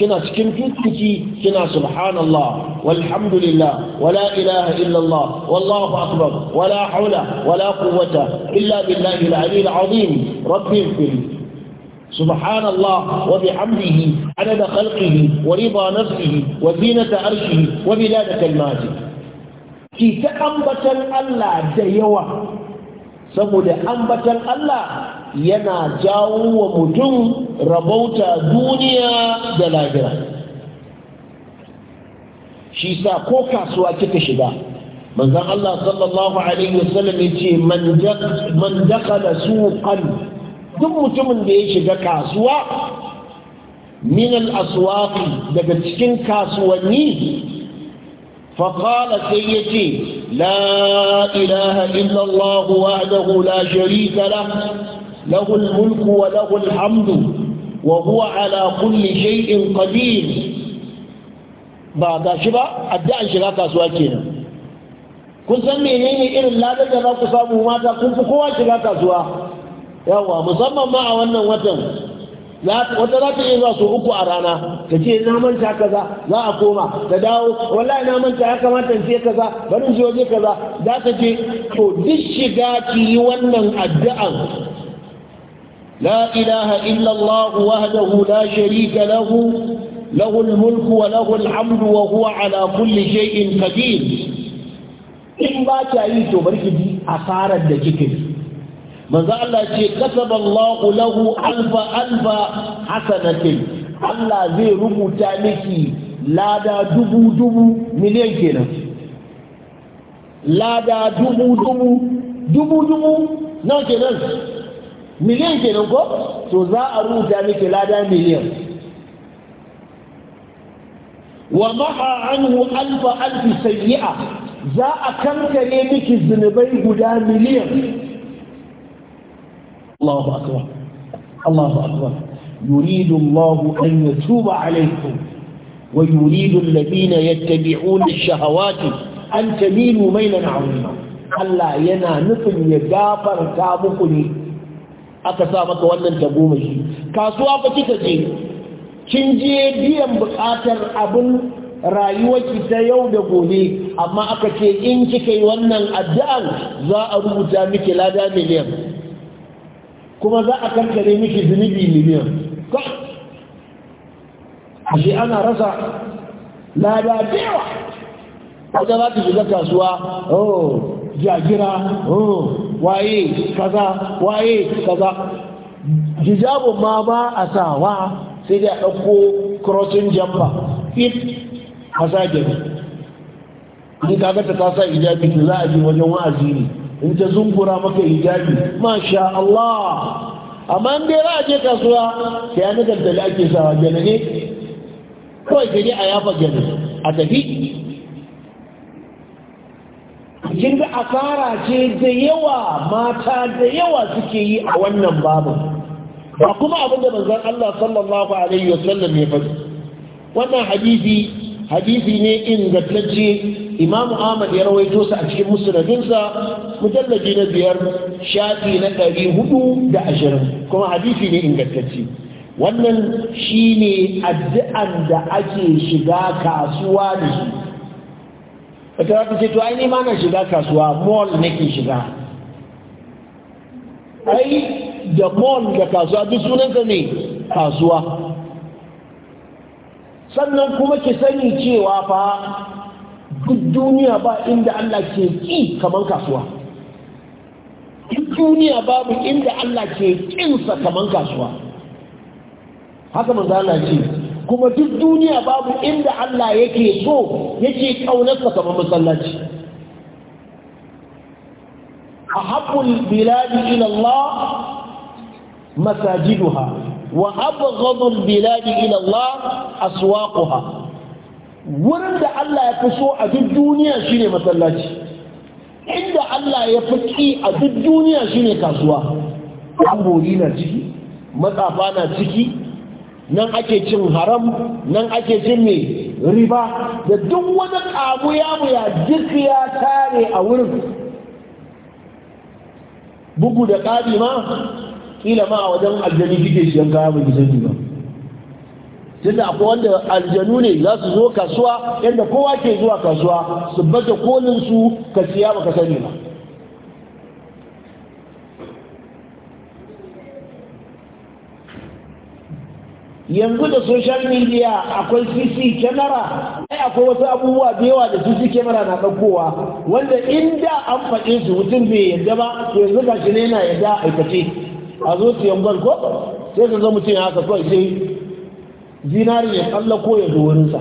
kina cikin tuttuki kina subhanallah walhamdulillah wala ilaha illallah wallahu akbar wala haula wala quwwata illa billahi al-ali al-azim rabbi ighfirli سبحان الله وبحمده عدد خلقه ورضا نفسه وزينة عرشه وبلاد كلماته allah da الله ديوة سمد أنبة الله yana jawo wa mutum rabauta duniya da lahira shi sa ko kasuwa kika shiga manzan Allah sallallahu alaihi wasallam ya ce man da su duk mutumin da ya shiga kasuwa Minan aswafi daga cikin kasuwanni فقال سيدي لا إله إلا الله وحده لا شريك له له الملك وله الحمد وهو على كل شيء قدير ba ga shi ba addu'an shiga kasuwa kenan kun san menene irin ladar da za ku samu mata kun fi kowa shiga kasuwa yawa musamman ma a wannan watan wata za ta iya zuwa su uku a rana ta ce na manta kaza za a koma ta dawo wallahi na manta ya kamata in ce kaza barin je waje kaza za ta ce to duk shiga ki yi wannan addu'an لا إله إلا الله وحده لا شريك له له الملك وله الحمد وهو على كل شيء قدير إن باك أي تبرك دي أثارة دكتر manzo Allah ce kasaballahu lahu alfa alfa hasanatin Allah zai rubuta miki lada dubu dubu miliyan kenan lada dubu dubu dubu dubu nawa kenan miliyan kenan ko to za a rubuta miki lada miliyan wa maha alfa alfi sayyi'a za a kankare miki zunubai guda miliyan Allahu akbar Allahu akbar yuridu Allahu an yatuba alaykum wa yuridu alladhina yattabi'una ash-shahawati an tamilu maylan 'azima Allah yana nufin ya gafarta muku ne aka sa maka wannan tagomashi kasuwa ba kika je kin je biyan bukatar abin rayuwarki ta yau da gobe amma aka ce in kika yi wannan addu'an za a rubuta miki lada miliyan kuma za a kankare miki zunubi miliyan shi ana rasa lada da wadda za ta shiga kasuwa oh jagira oh waye kaza waye kaza hijabu ma ba a sawa sai da ɗauko crossing jumper it hasagari in kaga ta ta sa hijabi za a ji wajen wa'azi ne in ta zungura maka hijabi masha Allah amma in dai za je kasuwa sai an ake sawa gane ne kawai gani a yafa gane a tafi kin ga asara ce da yawa mata da yawa suke yi a wannan babu ba kuma abin da manzon Allah sallallahu alaihi wasallam ya faɗi wannan hadisi hadisi ne ingantacce imamu ahmad ya rawaito sa a cikin musnadinsa mujallaji na biyar shafi na ɗari hudu da ashirin kuma hadisi ne ingantacce wannan shine addu'an da ake shiga kasuwa da shi wata wata ce to ma na shiga kasuwa mall nake shiga ai da mall da kasuwa duk sunansa ne kasuwa sannan kuma ki sani cewa fa duk duniya ba inda Allah ke ki kamar kasuwa duk duniya babu inda Allah ke kinsa kaman kasuwa haka manzo Allah ce kuma duk duniya babu inda Allah yake so yake kaunarsa kamar masallaci. A haƙul biladi ilallah masajiduha, wa haɓa zaɓar biladi ilallah a suwaƙuha. Wurin da Allah ya fi so a duk duniya shine masallaci, inda Allah ya fi ƙi a duk duniya shine kasuwa, ambori na ciki, matsafa na ciki, nan ake cin haram nan ake cin mai riba da duk wani abu ya muya duk ya tare a wurin bugu da ƙari ma ƙila ma a wajen aljanu kike siyan kaya mai gisan ba tunda akwai wanda aljanu ne za su zo kasuwa yadda kowa ke zuwa kasuwa su baje kolin su ka siya baka sani ba yanzu da social media akwai cc camera ai akwai wasu abubuwa da yawa da cc camera na ɗaukowa wanda inda an faɗe su mutum bai yadda ba to yanzu ga shi ne yana yadda aikace a zo su bal ko sai ka zo mutum ya haka kawai sai zinari ya tsalla ko ya wurinsa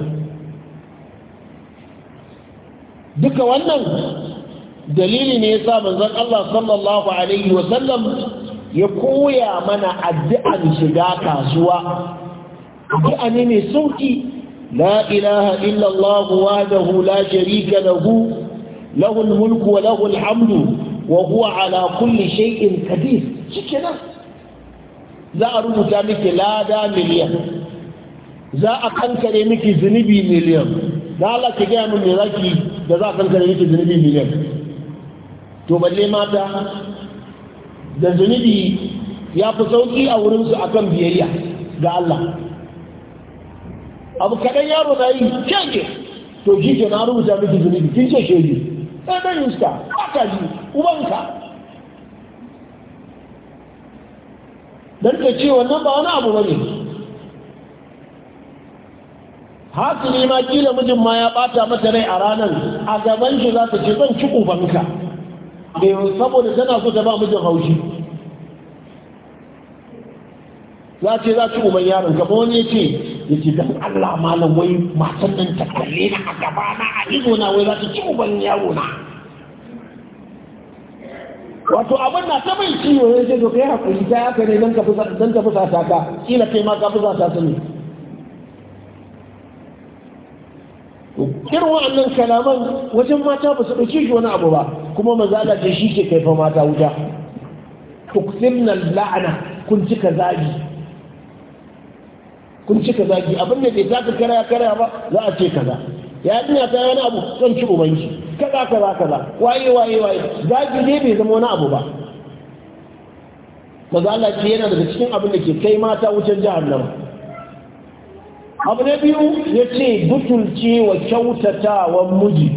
duka wannan dalili ne ya sa manzon Allah sallallahu alaihi wa sallam ya koya mana addu'ar shiga kasuwa bid'a ne mai sauki la ilaha illallah, Allah wahdahu la sharika lahu lahu mulku wa lahu hamdu wa huwa ala kulli shay'in qadir nan. za a rubuta miki lada miliyan za a kankare miki zunubi miliyan da Allah ki gaya min me da za a kankare miki zunubi miliyan to balle mata da zunubi ya fi sauki a wurinsu akan biyayya ga Allah abu kaɗan yaro na yi shege to shi ke na rubuta miki zunubi kin ce shege ɗan eh, ɗan yuska aka ji ubanka don ta ce wannan ba wani abu bane ne ma kila mijin ma ya bata mata rai a ranar a gaban shi za ta ce zan ci ubanka da eh, yau saboda tana so ta ba mijin haushi za ce za ci uban yaron gaba wani ya ce ya ce don Allah malam wai masu nan ta kalle na a gaba na a ido na wai za ta ci uban yaro na wato abin na ta mai ciwo ya ce to kai hakuri ta ya ne don ta fi ta ka kila kai ma ka fi sata ta ne irin wa'annan kalaman wajen mata ba su ɗauki shi wani abu ba kuma mazala ce shi ke kaifa mata wuta tuksinna la'ana kun cika zagi kun ci kaza ki abin da bai taka karaya karaya ba za a ce kaza ya ina ta wani abu zan ci ubanki kaza kaza kaza waye waye waye zagi ne bai zama wani abu ba maza Allah ce yana daga cikin abin da ke kai mata wucin nan. abu na biyu ya ce butulce wa kyautatawan miji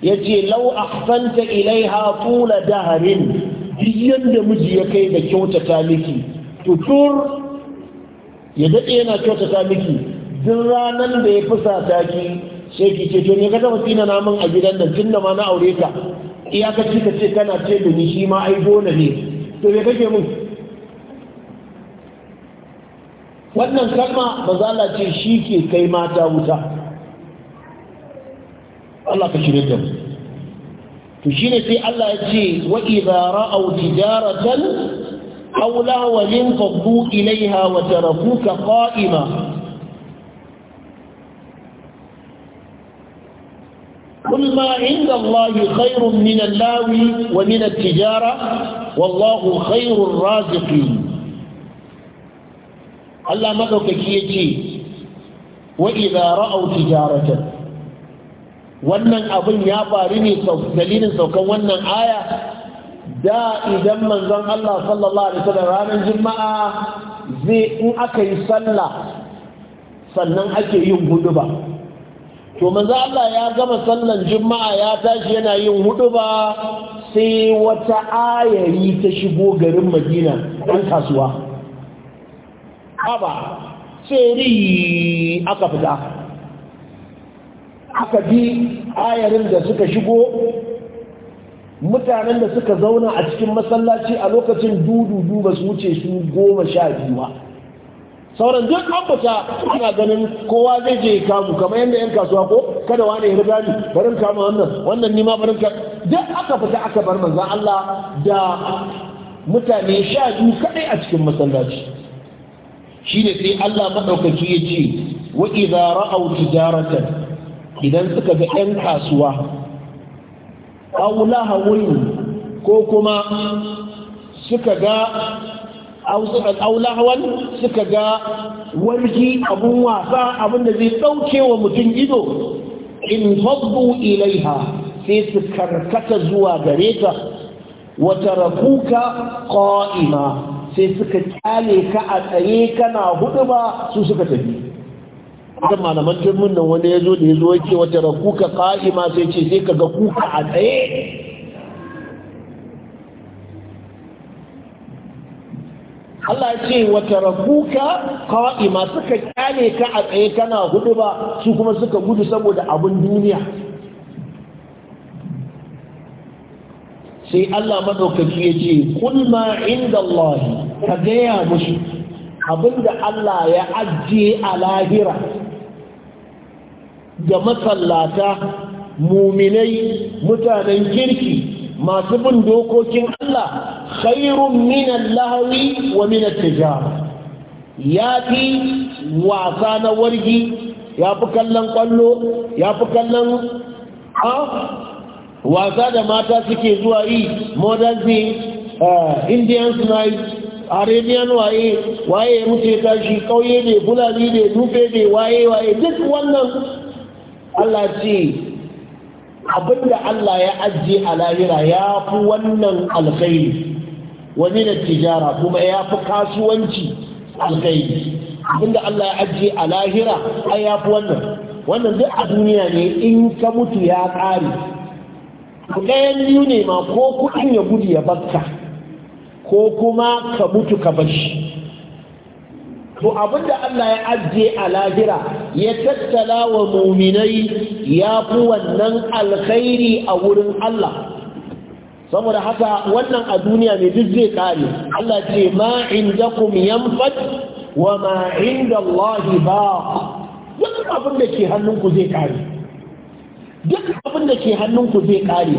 ya ce lau ahsanta ilaiha tula daharin duk da miji ya kai da kyautata miki tutur ya daɗe yana kyautata miki duk ranar da ya ta ki sai ki ce to ne ka taɓa tsina na min a gidan nan tun da ma na aure ka iya ka ce kana ce da ni shi ma ai dole ne to me kake mun wannan kalma ba za la ce shi ke kai mata wuta Allah ka shirye da mu to shine sai Allah ya ce wa idza ra'aw tijaratan أو لهوا انفضوا إليها وتركوك قائما قل ما عند الله خير من اللهو ومن التجارة والله خير الرازقين الله مدوك كيجي وإذا رأوا تجارة wannan abin ya faru ne dalilin saukan wannan aya da idan manzon Allah sallallahu alaihi wasallam ranar juma'a zai in aka yi sallah sannan ake yin huduba to manzon Allah ya gama sallan juma'a ya tashi yana yin huduba sai wata ayari ta shigo garin Madina ɗan kasuwa aba sai aka fita aka bi ayarin da suka shigo mutanen da suka zauna a cikin masallaci a lokacin dududu ba su wuce su goma sha biyu ba sauran duk ambata ana ganin kowa zai je kamu kamar yadda yan kasuwa ko kada wani ya riga ni barin kama wannan wannan nima barin ka duk aka fita aka bar manzan Allah da mutane sha biyu kadai a cikin masallaci shine sai Allah madaukaki ya ce wa idza ra'aw tijaratan idan suka ga yan kasuwa aw wurin ko kuma suka ga suka ga wargi abun wasa abin da zai dauke wa mutum ido in faddu ilaiha sai su karkata zuwa gare ta wa tarakuka qa'ima sai suka kyale ka a tsaye kana hudu ba su suka tafi da malaman turmin nan wani ya zo da ya zo yake wata rakuka ka'ima sai ce sai ka ga kuka a tsaye Allah ce wata rakuka ka'ima suka kyale ka a tsaye kana hudu ba su kuma suka gudu saboda abin duniya sai Allah maɗaukaki ya ce kulma inda Allah ka gaya musu abinda Allah ya ajiye a lahira da masallata muminai mutanen kirki masu bin dokokin Allah khairun minan lahawi wa minan tijara ya fi wasa na wargi ya fi kallon kwallo ya fi kallon wasa da mata suke zuwa yi modern day eh, indian night arabian waye waye ya mutu ya tashi kauye ne fulani ne dufe ne waye waye duk wannan Allah ce abinda Allah ya ajiye a lahira ya fi wannan alkhairi wani da tijara kuma ya fi kasuwanci alkhairi abinda Allah ya ajiye a lahira ai ya fi wannan wannan duk a duniya ne in ka mutu ya ƙare ɗayan biyu ne ma ko kuɗin ya gudu ya bakka ko kuma ka mutu ka bashi to da Allah ya ajiye a lahira ya tattala wa muminai ya fi wannan alkhairi a wurin Allah saboda haka wannan a duniya mai duk zai kare Allah ce ma indakum yanfad wa ma inda Allah baq duk abin da ke hannunku zai kare duk abin da ke hannunku zai kare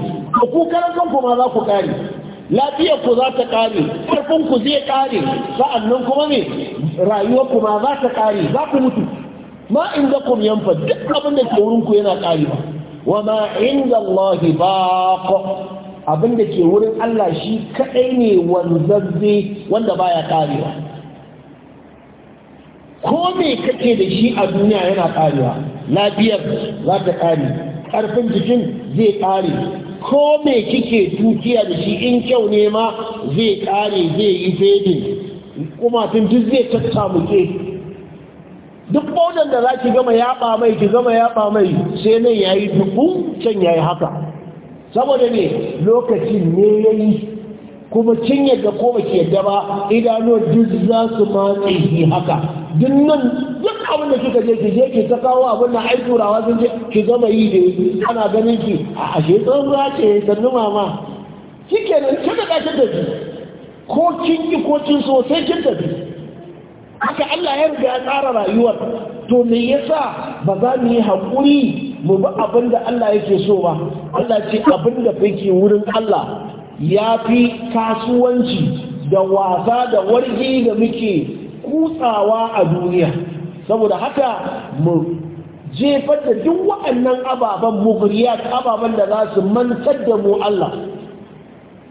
ku karan kanku ma za ku kare lafiyar ku za ta kare karfin ku zai kare sa'annan kuma ne rayuwar ku ma za ta kare za ku mutu ma inda ku yanfa duk abin da ke wurin ku yana ba wa ma inda Allah baq abin da ke wurin Allah shi kadai ne wanzazze wanda baya karewa ko me kake da shi a duniya yana karewa lafiyar za ta kare karfin jikin zai kare ko me kike tukiya da shi in kyau ne ma zai kare zai yi fedin kuma tun duk zai muke duk bodan da za ki gama yaba mai ki gama yaba mai sai nan ya yi dubu can ya yi haka saboda ne lokacin ne ya yi kuma cin yadda ko baki yadda ba idanu duk za su matse haka duk nan abin da kika je ki je ki ta kawo abin da ai turawa sun je ki gama yi da ana ganin ki a ashe tsohuwa ce sannu mama kike nan kin da kin tafi ko kin ki ko kin so sai kin tafi haka Allah ya riga ya tsara rayuwar to me yasa ba za mu yi hakuri mu bi abin da Allah yake so ba Allah ce abin da kake wurin Allah ya fi kasuwanci da wasa da wargi da muke kutsawa a duniya saboda haka mu jefar da duk waɗannan ababen mugriya ababen da za su mantar da mu Allah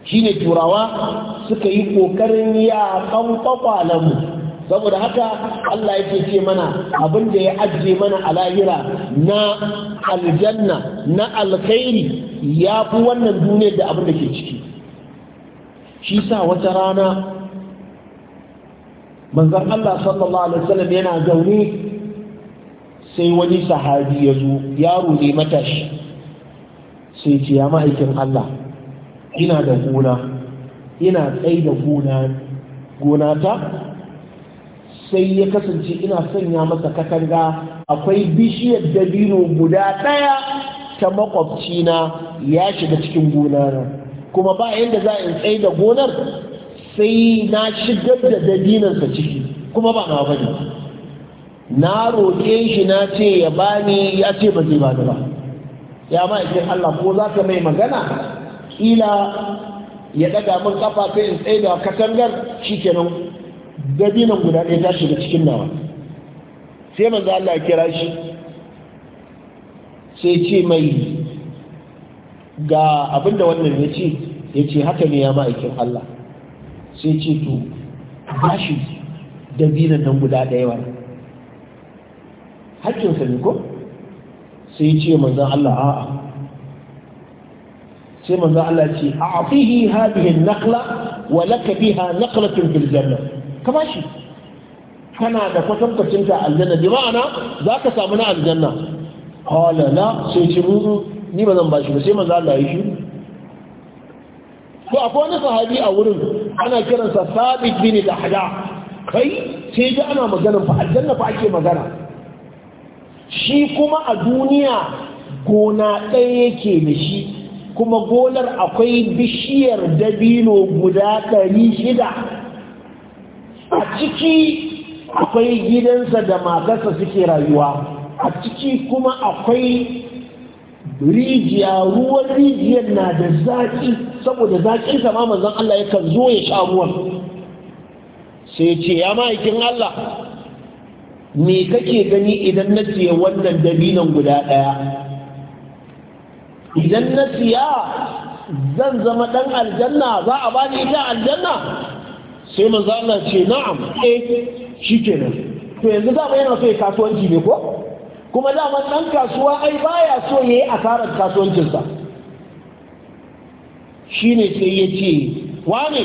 shine turawa suka yi kokarin ya kan mu saboda haka Allah yake ce mana abin da ya ajiye mana a lahira na aljanna na alkhairi ya fi wannan duniyar da abin da ke ciki shi sa wata rana manzon Allah sallallahu alaihi wasallam yana zaune sai wani sahabi ya zo yaro ne matashi sai ce ya ma'aikin Allah ina da gona ina tsai da gona gonata sai ya kasance ina sanya masa katanga akwai bishiyar dabino guda ɗaya ta makwabcina ya shiga cikin gona kuma ba yadda za in tsai da gonar sai na shigar da dadinansa ciki kuma ba na bane na roƙe shi na ce ya bani ya ce ba zai bani ba ya ma ikin Allah ko za ka mai magana ila ya daga min kafa sai in tsaye da katangar shi nan. dabinan guda ɗaya ta shiga cikin nawa sai manzo Allah ya kira shi sai ce mai ga abinda wannan ya ce ya ce haka ne ya ma'aikin Allah sai ce to bashi dabinan nan guda ɗaya wa hakkinsa ne ko sai ce manzan Allah a'a sai manzan Allah ce a afihi hadihin nakla wa laka biha naklatun fil janna ka bashi kana da kwatankwacin ta aljanna bi ma'ana za ka samu na aljanna qala la sai ce mu ni ba zan bashi ba sai manzan Allah ya shi ko akwai wani sahabi a wurin ana kiransa sabit bin dahda kai sai ji ana maganin fa aljanna fa ake magana shi kuma a duniya gona ɗaya yake da shi kuma gonar akwai bishiyar dabino guda ɗari shida a ciki akwai gidansa da matarsa suke rayuwa a ciki kuma akwai rijiya ruwan rijiyar na da zaƙi saboda zaƙin sama manzon Allah yakan zo ya sha ruwan sai ce ya ma'aikin Allah me kake gani idan na siya wannan dabinan guda ɗaya idan na siya zan zama ɗan aljanna za a bani ita aljanna sai manzo Allah ce na'am eh shikenan to yanzu za dama yana so ya kasuwanci ne ko kuma daman ɗan kasuwa ai baya so ya yi asarar kasuwancinsa shi ne sai ya ce wane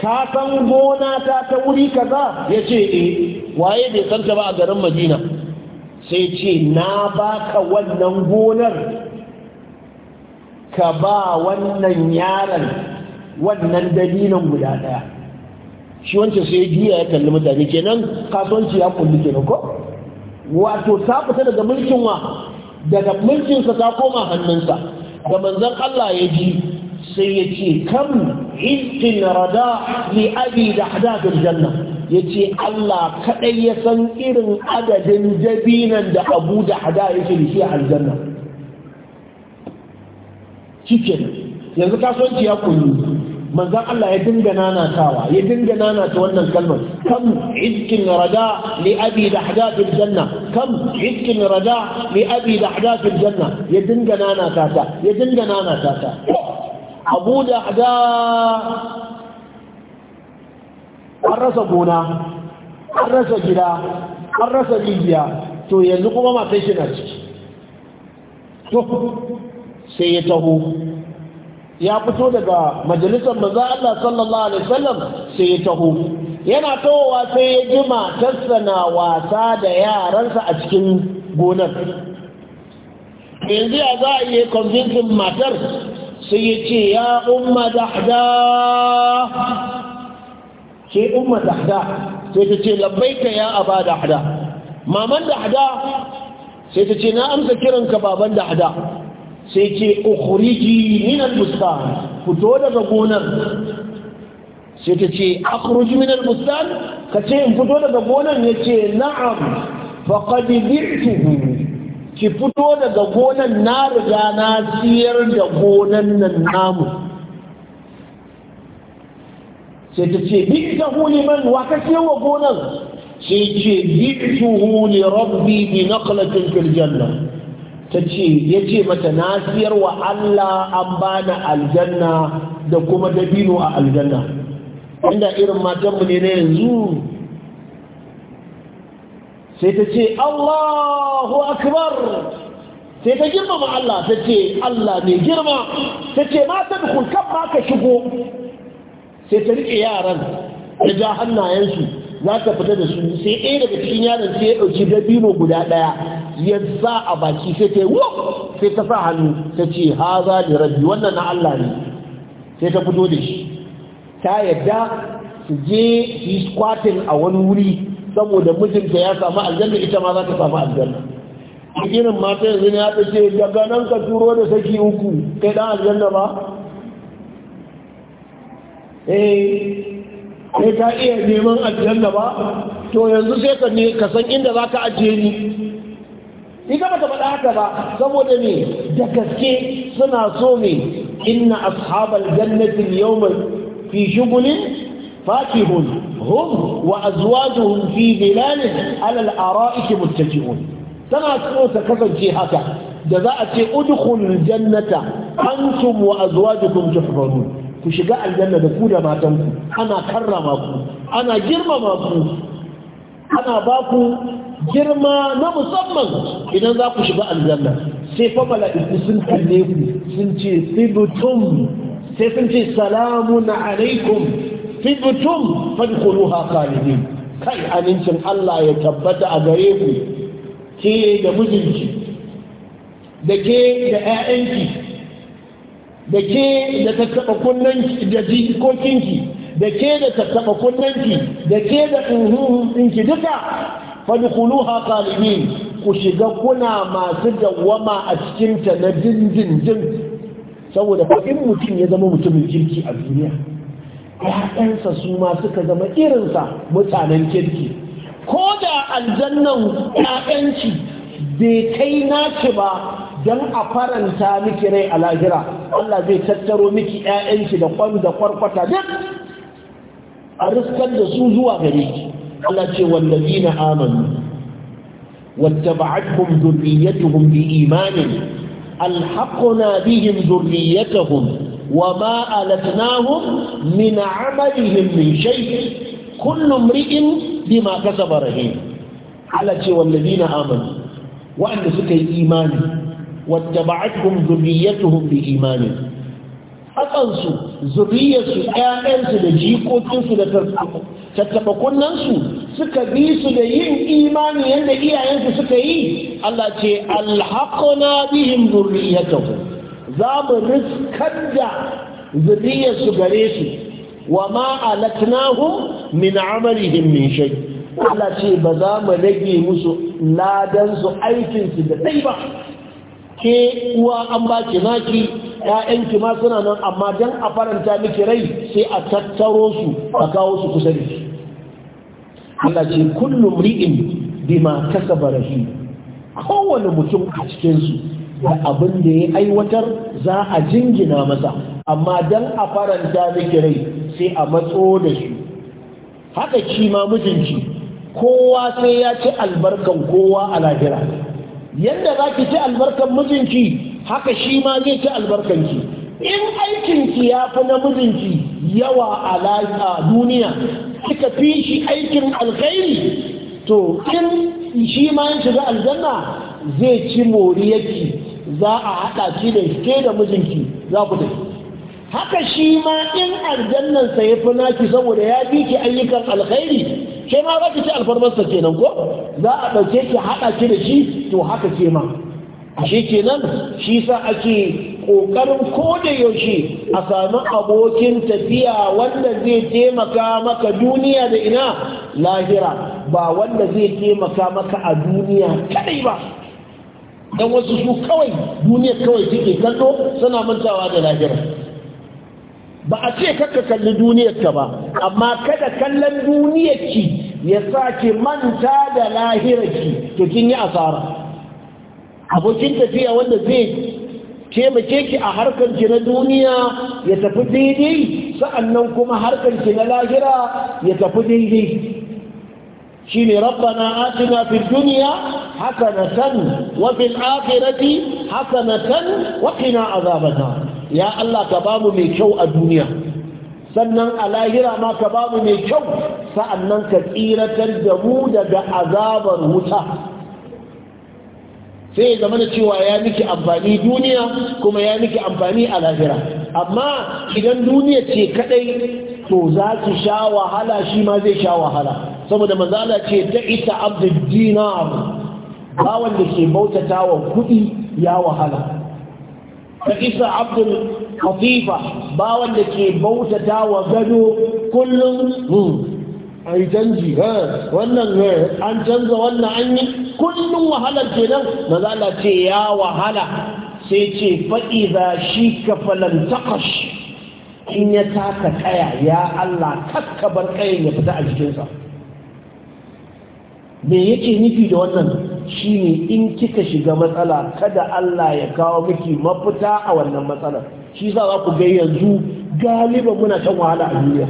ka san gona ta ta wuri kaza ya ce eh waye bai san ta ba a garin madina sai ce na ba ka wannan gonar ka ba wannan yaron wannan dalilin guda daya shi wancan sai ya juya ya kalli mutane kenan kasuwanci ya kulli kenan ko wato ta fita daga mulkin wa daga mulkinsa ta koma hannunsa da manzon Allah ya ji sai ya ce kam izin rada li abi da hadadul janna ya ce Allah kaɗai ya san irin adadin jabinan da abu da hada ya ce shi aljanna cikin yanzu kasuwanci ya kunu. manzan Allah ya dinga nanatawa ya dinga nanata wannan kalmar kam izkin rada li abi dahda fil janna kam izkin rada li abi dahda fil janna ya dinga nanata ta ya dinga nanata ta abu hada an rasa gona an rasa gida an rasa rijiya to yanzu kuma matan shi na ciki to sai ya taho ya fito daga majalisar manzo Allah sallallahu alaihi wasallam sai ya taho yana tahowa sai ya ji tassana wasa da yaransa a cikin gonar yanzu ya za a yi convincing matar sai ya ce ya umma dahda ke umma dahda sai ta ce labbaika ya aba dahda maman dahda sai ta ce na amsa kiranka baban dahda sai ce ukhriji min al-bustan fito daga gonar sai ta ce akhruj min al-bustan ka ce in fito daga gonar Ya ce na'am faqad bi'tuhu ki fito daga gonar na riga na siyar da gonar nan namu sai ta ce ta huli man wa ka ce wa gonar sai ce bi'tuhu li rabbi bi naqlatin fil jannah ta ce ya ce mata na siyar wa Allah an bana aljanna da kuma dabino a aljanna inda irin matanmu ne na yanzu sai ta ce Allahu akbar sai ta girmama Allah ta ce Allah mai girma ta ce matan hulkan ma ka shigo sai ta riƙe yaran da ja hannayensu za ka fita da su sai ɗaya daga cikin yaron sai ya ɗauki dabino guda ɗaya ya sa a baki sai ta yi sai ta sa hannu ta ce ha za da rabi wannan na Allah ne sai ta fito da shi ta yadda su je su yi squatting a wani wuri saboda mijinta ya samu aljanna ita ma za ta samu aljanna irin mata yanzu ne ya ce daga nan ka turo da saki uku kai dan aljanna ba eh sai ta iya neman aljanna ba to yanzu sai ka ne ka san inda za ka ajiye ni ni ka faɗa haka ba saboda ne da gaske suna so ne inna ashabal jannati yawma fi shughulin فاكهون هم وأزواجهم في ظلال على الأرائك متكئون tana so ta kasance haka da za a ce udkhul jannata antum wa azwajukum tuhbarun ku shiga aljanna da ku da matanku ana karrama ku ana girmama ku ana ba ku girma na musamman idan za ku shiga aljanna sai fa mala'iku sun kalle ku sun ce sibutum sai sun ce salamun alaikum sibutum fadkhuluha khalidin kai amincin Allah ya tabbata a gare ku ke da mijinki da ke da 'ya'yanki da ke da ta taɓa kunnanki da jikokinki da ke da ta taɓa ki da ke da ɗinki duka fadkhuluha qalibin ku shiga kuna masu dawwama a cikin ta na din. saboda ko in mutum ya zama mutumin kirki a duniya Ya'yansa su ma suka zama irinsa mutanen kirki ko da aljannan yayanci bai kai naci ba don a faranta miki rai a lahira Allah zai tattaro miki ‘ya'yanki da kwan da kwarkwata duk a riskar da su zuwa gare ki Allah ce wallazi na amanu wadda ba'adhum zurriyatuhum bi imanin alhaqna bihim zurriyatuhum wa ma alatnahum min amalihim min shay kullu imri'in bima kasaba rahin Allah ce wallazi na amanu wa'anda suka yi imani wattaba'atuhum dhurriyyatuhum imani. hakansu zuriyarsu ƴaƴansu da jikokinsu da tattaba kunnansu suka bi su da yin imani yadda iyayensu suka yi Allah ce alhaqna bihim dhurriyyatuhum za mu riskar da zuriyarsu gare su wa ma alatnahum min amalihim min shay Allah ce ba za mu rage musu ladan su aikin su da dai ba ke uwa an ba ki naki ki ma suna nan amma dan a faranta miki rai sai a tattaro su a kawo su kusa da shi Allah ce kullu mri'in bima kasaba kowane mutum a cikin su da abin da ya aiwatar za a jingina masa amma dan a faranta miki rai sai a matso da shi haka kima ma mijinki kowa sai ya ci albarkan kowa a lahira yadda za ki ci albarkan mijinki haka shi ma zai ci albarkanki in aikinki ya fi na mijinki yawa a duniya kika fi shi aikin alkhairi to in shi ma ya shiga aljanna zai ci moriyarki za a haɗa ki da ke da mijinki za ku tafi haka shi ma in aljannansa sa yafi naki saboda ya bi ki ayyukan alkhairi ke ma za ki ci alfarmarsa kenan ko za a ɗauke ki haɗa ki da shi to haka ke ma shi kenan shi sa ake ƙoƙarin ko da yaushe a sami abokin tafiya wanda zai taimaka maka duniya da ina lahira ba wanda zai taimaka maka a duniya kadai ba don wasu su kawai duniya kawai suke kallo suna mantawa da lahira ba a ce kaka kalli duniyarta ba amma kada kallon duniyarki ya sa ki manta da lahirarki to kin yi asara abokin tafiya wanda zai taimake ki a harkar ki na duniya ya tafi daidai sa'annan kuma harkar ki na lahira ya tafi daidai shine rabbana atina fid dunya hasanatan wa fil akhirati san wa qina azaban ya Allah ka bamu mai kyau a duniya sannan a lahira ma ka bamu mai kyau sa'annan ka tsiratar da mu daga azabar wuta sai ya zama da cewa ya miki amfani duniya kuma ya miki amfani a lahira amma idan duniya ce kadai to za su sha wahala shi ma zai sha wahala saboda manzala ce ta ita abdul dinar bawan da ke bautata wa kuɗi ya wahala da isa abdul hafifa ba da ke bautata wa gado kullum hmm. a yi canji wannan an canza wannan an yi kullum wahalar kenan mazala ce ya wahala sai ce faɗi za shi ka falantakash in ya taka kaya ya Allah bar kayan ya fita a jikinsa me yake nufi da wannan shine in kika shiga matsala kada Allah ya kawo miki mafita a wannan matsalar shi za ku ga yanzu galiba muna kan wahala a duniya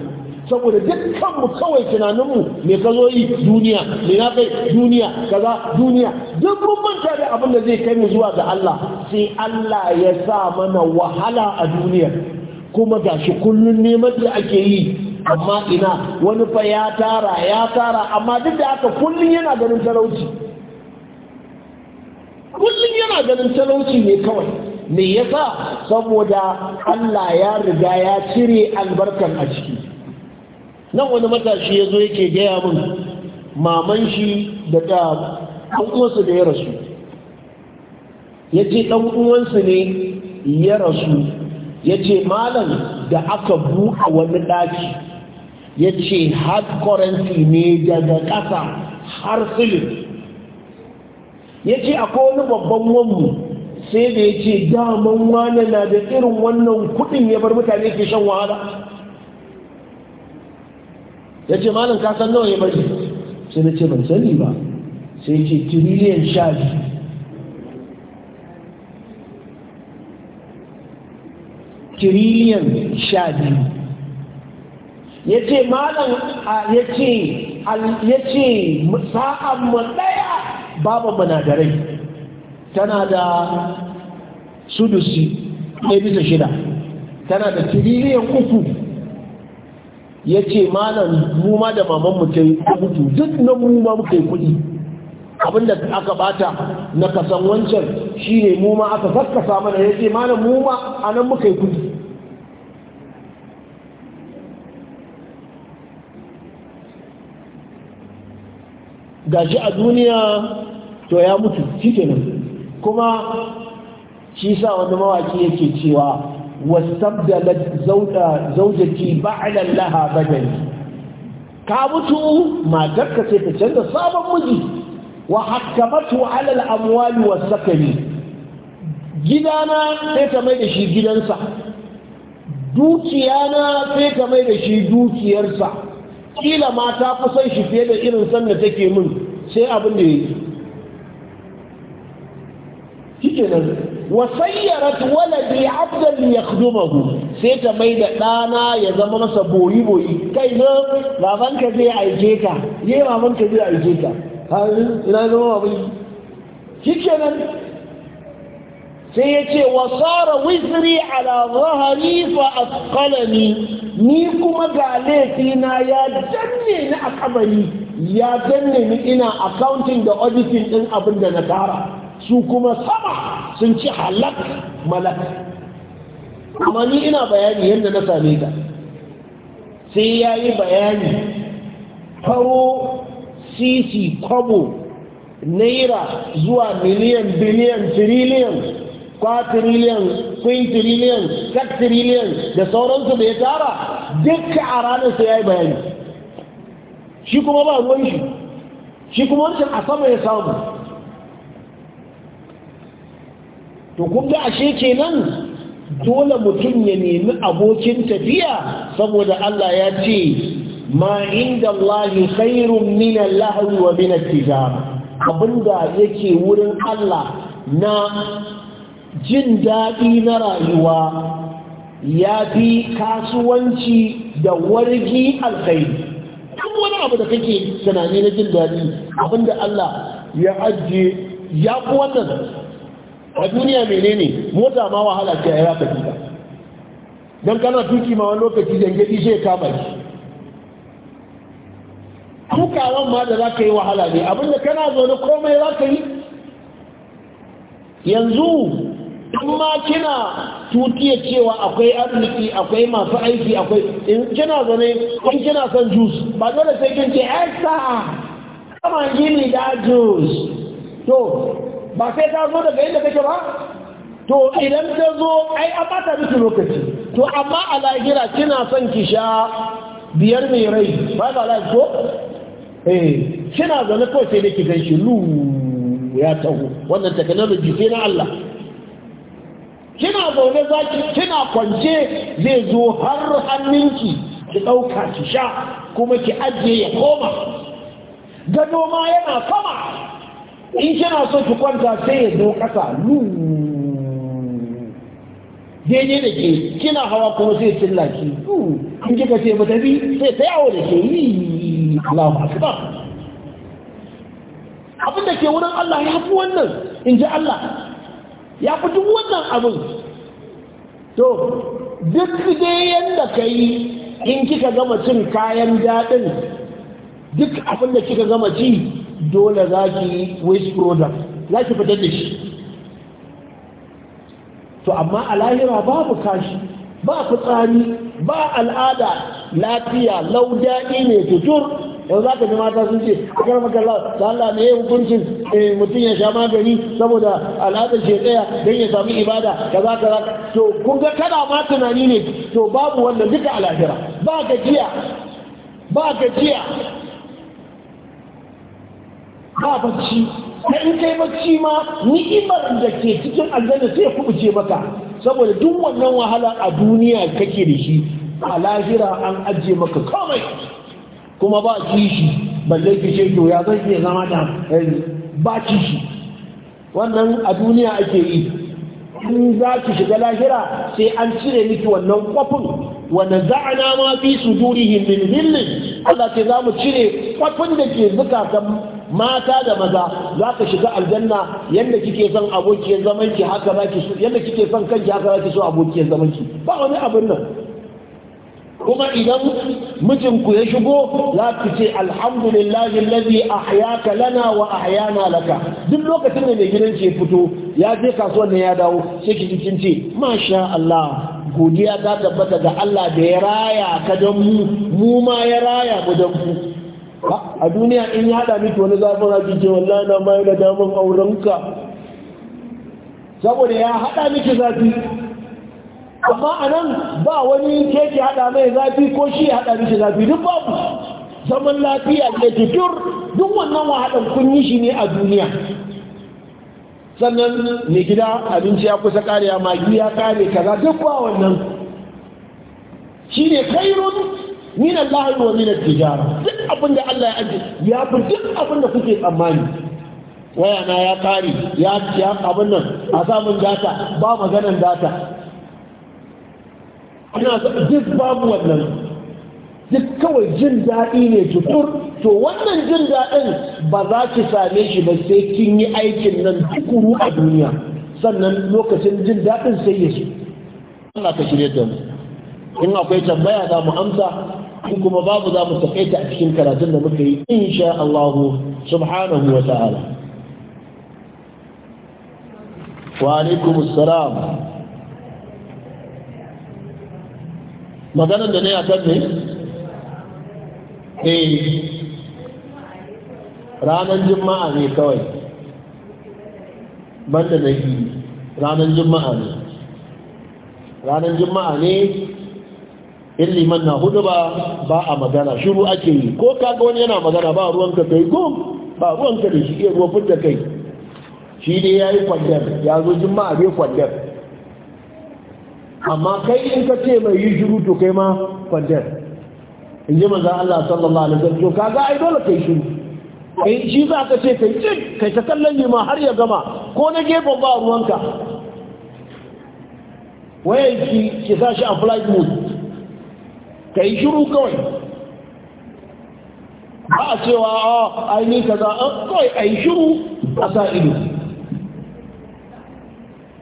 saboda dukkan mu kawai tunaninmu me ka zo yi duniya me na kai duniya kaza duniya duk mun manta da abin da zai kai mu zuwa ga Allah sai Allah ya sa mana wahala a duniya kuma gashi kullun neman da ake yi amma ina wani fa ya tara ya tara amma duk da aka kullum yana ganin talauci kullum yana ganin talauci ne kawai me yasa saboda Allah ya riga ya cire albarkar a ciki nan wani matashi ya zo yake gaya min maman shi da ta uwansu da ya rasu ya ce ɗan uwansu ne ya rasu ya ce malam da aka buɗe wani ɗaki ya ce hard currency ne daga ƙasa har filin ya ce akwai wani babban wanmu sai da ya ce daman wane na da irin wannan kudin ya bar mutane ke shan wahala ya ce malin kasar nawa ya bari sai na ce ban sani ba sai ce tiriliyan sha tiriliyan sha biyu ya ce malam ya ce ya ce sa'an ɗaya babu manadarai tana da sudusi ɗaya bisa shida tana da tiririyar uku ya ce malam mu da maman mu ta yi kudu duk na mu muka yi kudi abinda aka bata na kasan wancan shi ne muma aka sassa mana ya ce malam mu ma a nan muka yi kudi gashi a duniya to ya mutu cikin kuma shi sa wani mawaki yake cewa da zaujati ba laha badali ka mutu matarka sai ta canza sabon miji wa hakkamatu ala amwali was-sakani gidana sai ta mai da shi gidansa dukiyana sai ta mai da shi dukiyarsa kila ma ta fi son shi fiye da irin san da take mun sai abin da ya yi shi nan wasayyarat waladi abdan yakhdumahu sai ta mai da ɗana ya zama masa boyi boyi kai na babanka zai aike ka ye babanka zai aike ka har ina zama baban shi kenan sai ya ce wa tsara wisri ala zahari fa asqalani ni kuma ga na ya danne ni a kabari ya danne ni ina accounting da auditing din abin da na tara su kuma sama sun ci halak malak amma ni ina bayani yadda na same ka sai ya yi bayani faro sisi kwabo naira zuwa miliyan biliyan tiriliyan quadrillions quintillions sextillions da sauransu da ya tara duka a ranar sai ya yi bayani shi kuma ba ruwan shi shi kuma wancan a sama ya samu to kuma ga ashe kenan dole mutum ya nemi abokin tafiya saboda Allah ya ce ma inda Allah khairun min al-lahwi wa min al-tijara abinda yake wurin Allah na jin daɗi na rayuwa ya fi kasuwanci da wargi alkhairi duk wani abu da kake tunani na jin daɗi abinda Allah ya ajiye ya fi wannan a duniya menene mota ma wahala ce a ya kaji ba don kana tuki ma wani lokaci jangadi shi ya kama shi tukawan ma da za ka yi wahala ne abinda kana zo zaune komai za ka yi yanzu in ma kina tutiya cewa akwai arziki akwai masu aiki akwai in kina zane in kina son juice ba dole sai kin ce ai sa and give me da juice to ba sai ta zo daga inda kake ba to idan ta zo ai a bata miki lokaci to amma a lahira kina son ki sha biyar mai rai ba ba la ko eh kina zane kawai sai da ki gan shi lu ya taho wannan technology sai na Allah kina zaune zaki kina kwance zai zo har hannunki ki ɗauka ki sha kuma ki ajiye ya koma gado ma yana sama in kina so ki kwanta sai ya zo ƙasa daidai da ke kina hawa kuma sai cin laki in kika ce ba tafi sai ta yawo da ke yi Allahu akbar abin da ke wurin Allah ya fi wannan in ji Allah ya fi duk wannan abin to duk dai yadda ka yi in kika gama cin kayan daɗin duk abin da kika gama ci dole za ki waste product za ki fitar da shi to amma a lahira babu kashi ba fitsari ba al'ada lafiya lau daɗi ne tutur yau za ka ji mata sun ce a kan makalla da Allah ne hukuncin eh, mutum ya sha magani saboda al'adar shi tsaya don ya sami ibada za ka to kun ga kana ma tunani ne to babu wannan duka al'ajira ba gajiya ba gajiya ba bacci ta in kai bacci ma ni'imar da ke cikin aljanna sai kubuce maka saboda duk wannan wahala a duniya kake da shi a lahira an ajiye maka komai kuma ba kishi balle ki ce to ya zan ke zama da ba kishi wannan a duniya ake yi in za ki shiga lahira sai an cire miki wannan kwafin wanda za'ana ma fi sudurihim min dhillin Allah ke za mu cire kwafin da ke zukatan mata da maza za ka shiga aljanna yadda kike son abokiyar zamanki haka za so yadda kike son kanki haka za ki so abokiyar zamanki ba wani abin nan kuma idan mijinku ya shigo za ku ce alhamdulillahi allazi ahyaka lana wa na laka duk lokacin da mai gidan ce fito ya je kasuwan ne ya dawo sai ki kin ce masha Allah godiya ta tabbata ga Allah da ya raya ka don mu mu ma ya raya mu don mu a duniya in ya hada miki wani zafin a cikin wallahi na mai da daman aurenka saboda ya hada miki zafi amma a nan ba wani keke haɗa mai zafi ko shi haɗa mishi zafi duk babu zaman lafiya da tur duk wannan wahalar kun yi shi ne a duniya sannan mai gida abinci ya kusa karewa magi ya kare kaza duk ba wannan shi ne kairun min Allah wa min tijara duk abin da Allah ya aje ya fi duk abin da kuke tsammani waya na ya kare ya ya abin nan a samun data ba maganan data ina duk babu wannan duk kawai jin daɗi ne tutur to wannan jin daɗin ba za ki same shi ba sai kin yi aikin nan tukuru a duniya sannan lokacin jin daɗin sai ya su Allah ka shirye da mu in akwai tambaya za mu amsa in kuma babu za mu takaita a cikin karatun da muka yi insha Allah subhanahu wa ta'ala wa alaikum salam. maganar da na yi a kan ne eh ranar juma'a ne kawai banda na yi ranar juma'a ne ranar juma'a ne in liman na hudu ba ba a magana shiru ake yi ko kaga wani yana magana ba ruwanka kai ko ba ruwanka da shi iya ruwa fudda kai shi ne ya yi kwandar ya zo juma'a ne kwandar amma kai in ka ce mai yi shiru to kai ma kwantar in ji maza Allah sallallahu alaihi wasallam to kaga ai dole kai shiru kai eh, shi za ka ce kai cin kai ta kallon yi ma har ya gama ko na gefen ba ruwanka wayan ki ki sa shi a flight mode kai shiru kawai ba a cewa a ah, ai ni kaza ah, kawai ai shiru a sa ido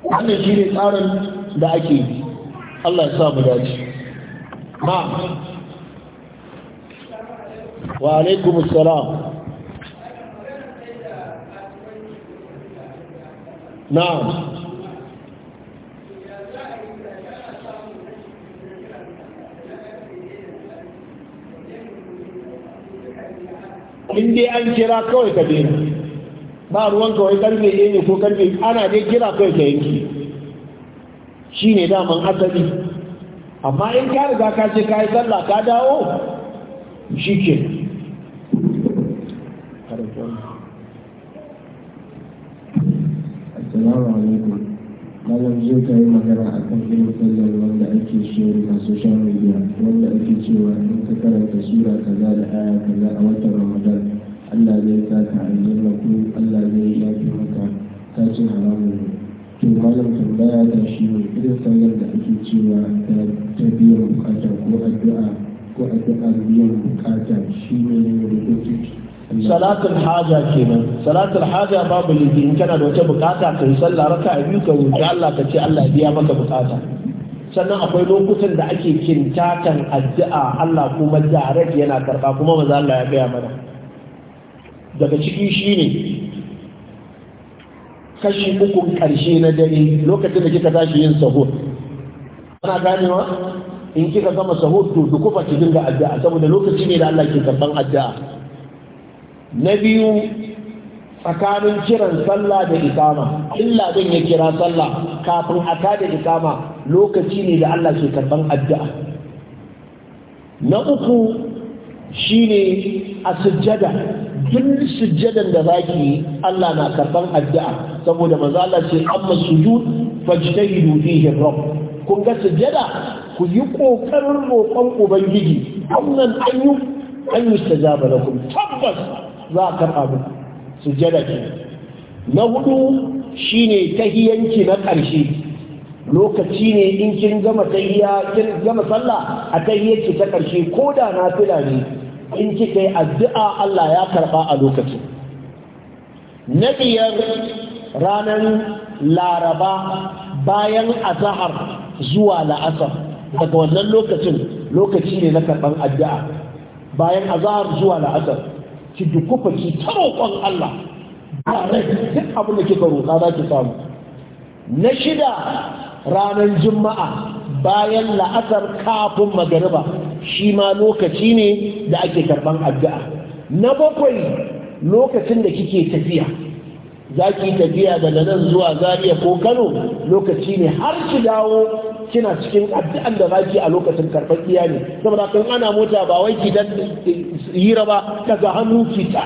wannan shi ne tsarin da ake yi Allah ya sa mu dace ma wa alaikum assalam na'am in dai an kira kawai ka ba ruwan kawai karfe ɗaya ne ko karfe ana dai kira kawai ka yanki shi ne daman asali amma in ka riga ka ce ka yi sallah ka dawo shi ke Assalamu alaikum. zai yi magana a kan irin sallar wanda ake shiri a social media wanda ake cewa in ka karanta sura kaza da aya kaza a watan Ramadan Allah zai sa ka aljanna ko Allah zai yafi maka ka ce haramun ne. to malam tambaya ta shi ne irin sallar da ake cewa ta biyan bukata ko addu'a ko addu'a biyan bukata shi ne da salatul haja kenan salatul haja babu laifi in kana da wata bukata ka yi sallah raka biyu ka roki Allah ka ce Allah biya maka bukata sannan akwai lokutan da ake kintatan addu'a Allah kuma direct yana karba kuma maza Allah ya gaya mana daga ciki shine kashi uku karshe na dare lokacin da kika tashi yin sahur ana ganewa in kika gama sahur to ba ki dinga addu'a saboda lokaci ne da Allah ke karban addu'a na biyu tsakanin kiran sallah da ikama illa zan ya kira sallah kafin aka da ikama lokaci ne da Allah ke karban addu'a na uku shi ne a sujjada duk sujjadan da za ki Allah na karɓar addu'a saboda maza Allah ce amma sujud fajtahidu fihi rabb kun ga sujjada ku yi kokarin roƙon ubangiji wannan an yi an yi sujaba da kun tabbas za a karɓa sujjada ke na hudu shine tahiyanki na ƙarshe lokaci ne in kin gama tahiya kin gama sallah a tahiyyarki ta ƙarshe ko da na fila ne in kika yi addu'a Allah ya karɓa a lokacin na biyar ranar laraba bayan azahar zuwa la'asar daga wannan lokacin lokaci ne na karɓar addu'a bayan azahar zuwa la'asar ki dukufa ki ta Allah ba rai duk abin da kika roƙa za ki samu na shida ranar juma'a bayan la'asar kafin magariba shi ma lokaci ne da ake karban addu'a na bakwai lokacin da kike tafiya za ki tafiya daga nan zuwa zariya ko kano lokaci ne har ki dawo kina cikin addu'an da za ki a lokacin karɓar iya ne saboda kan ana mota ba wai ki dan hira ba daga hannu ki ta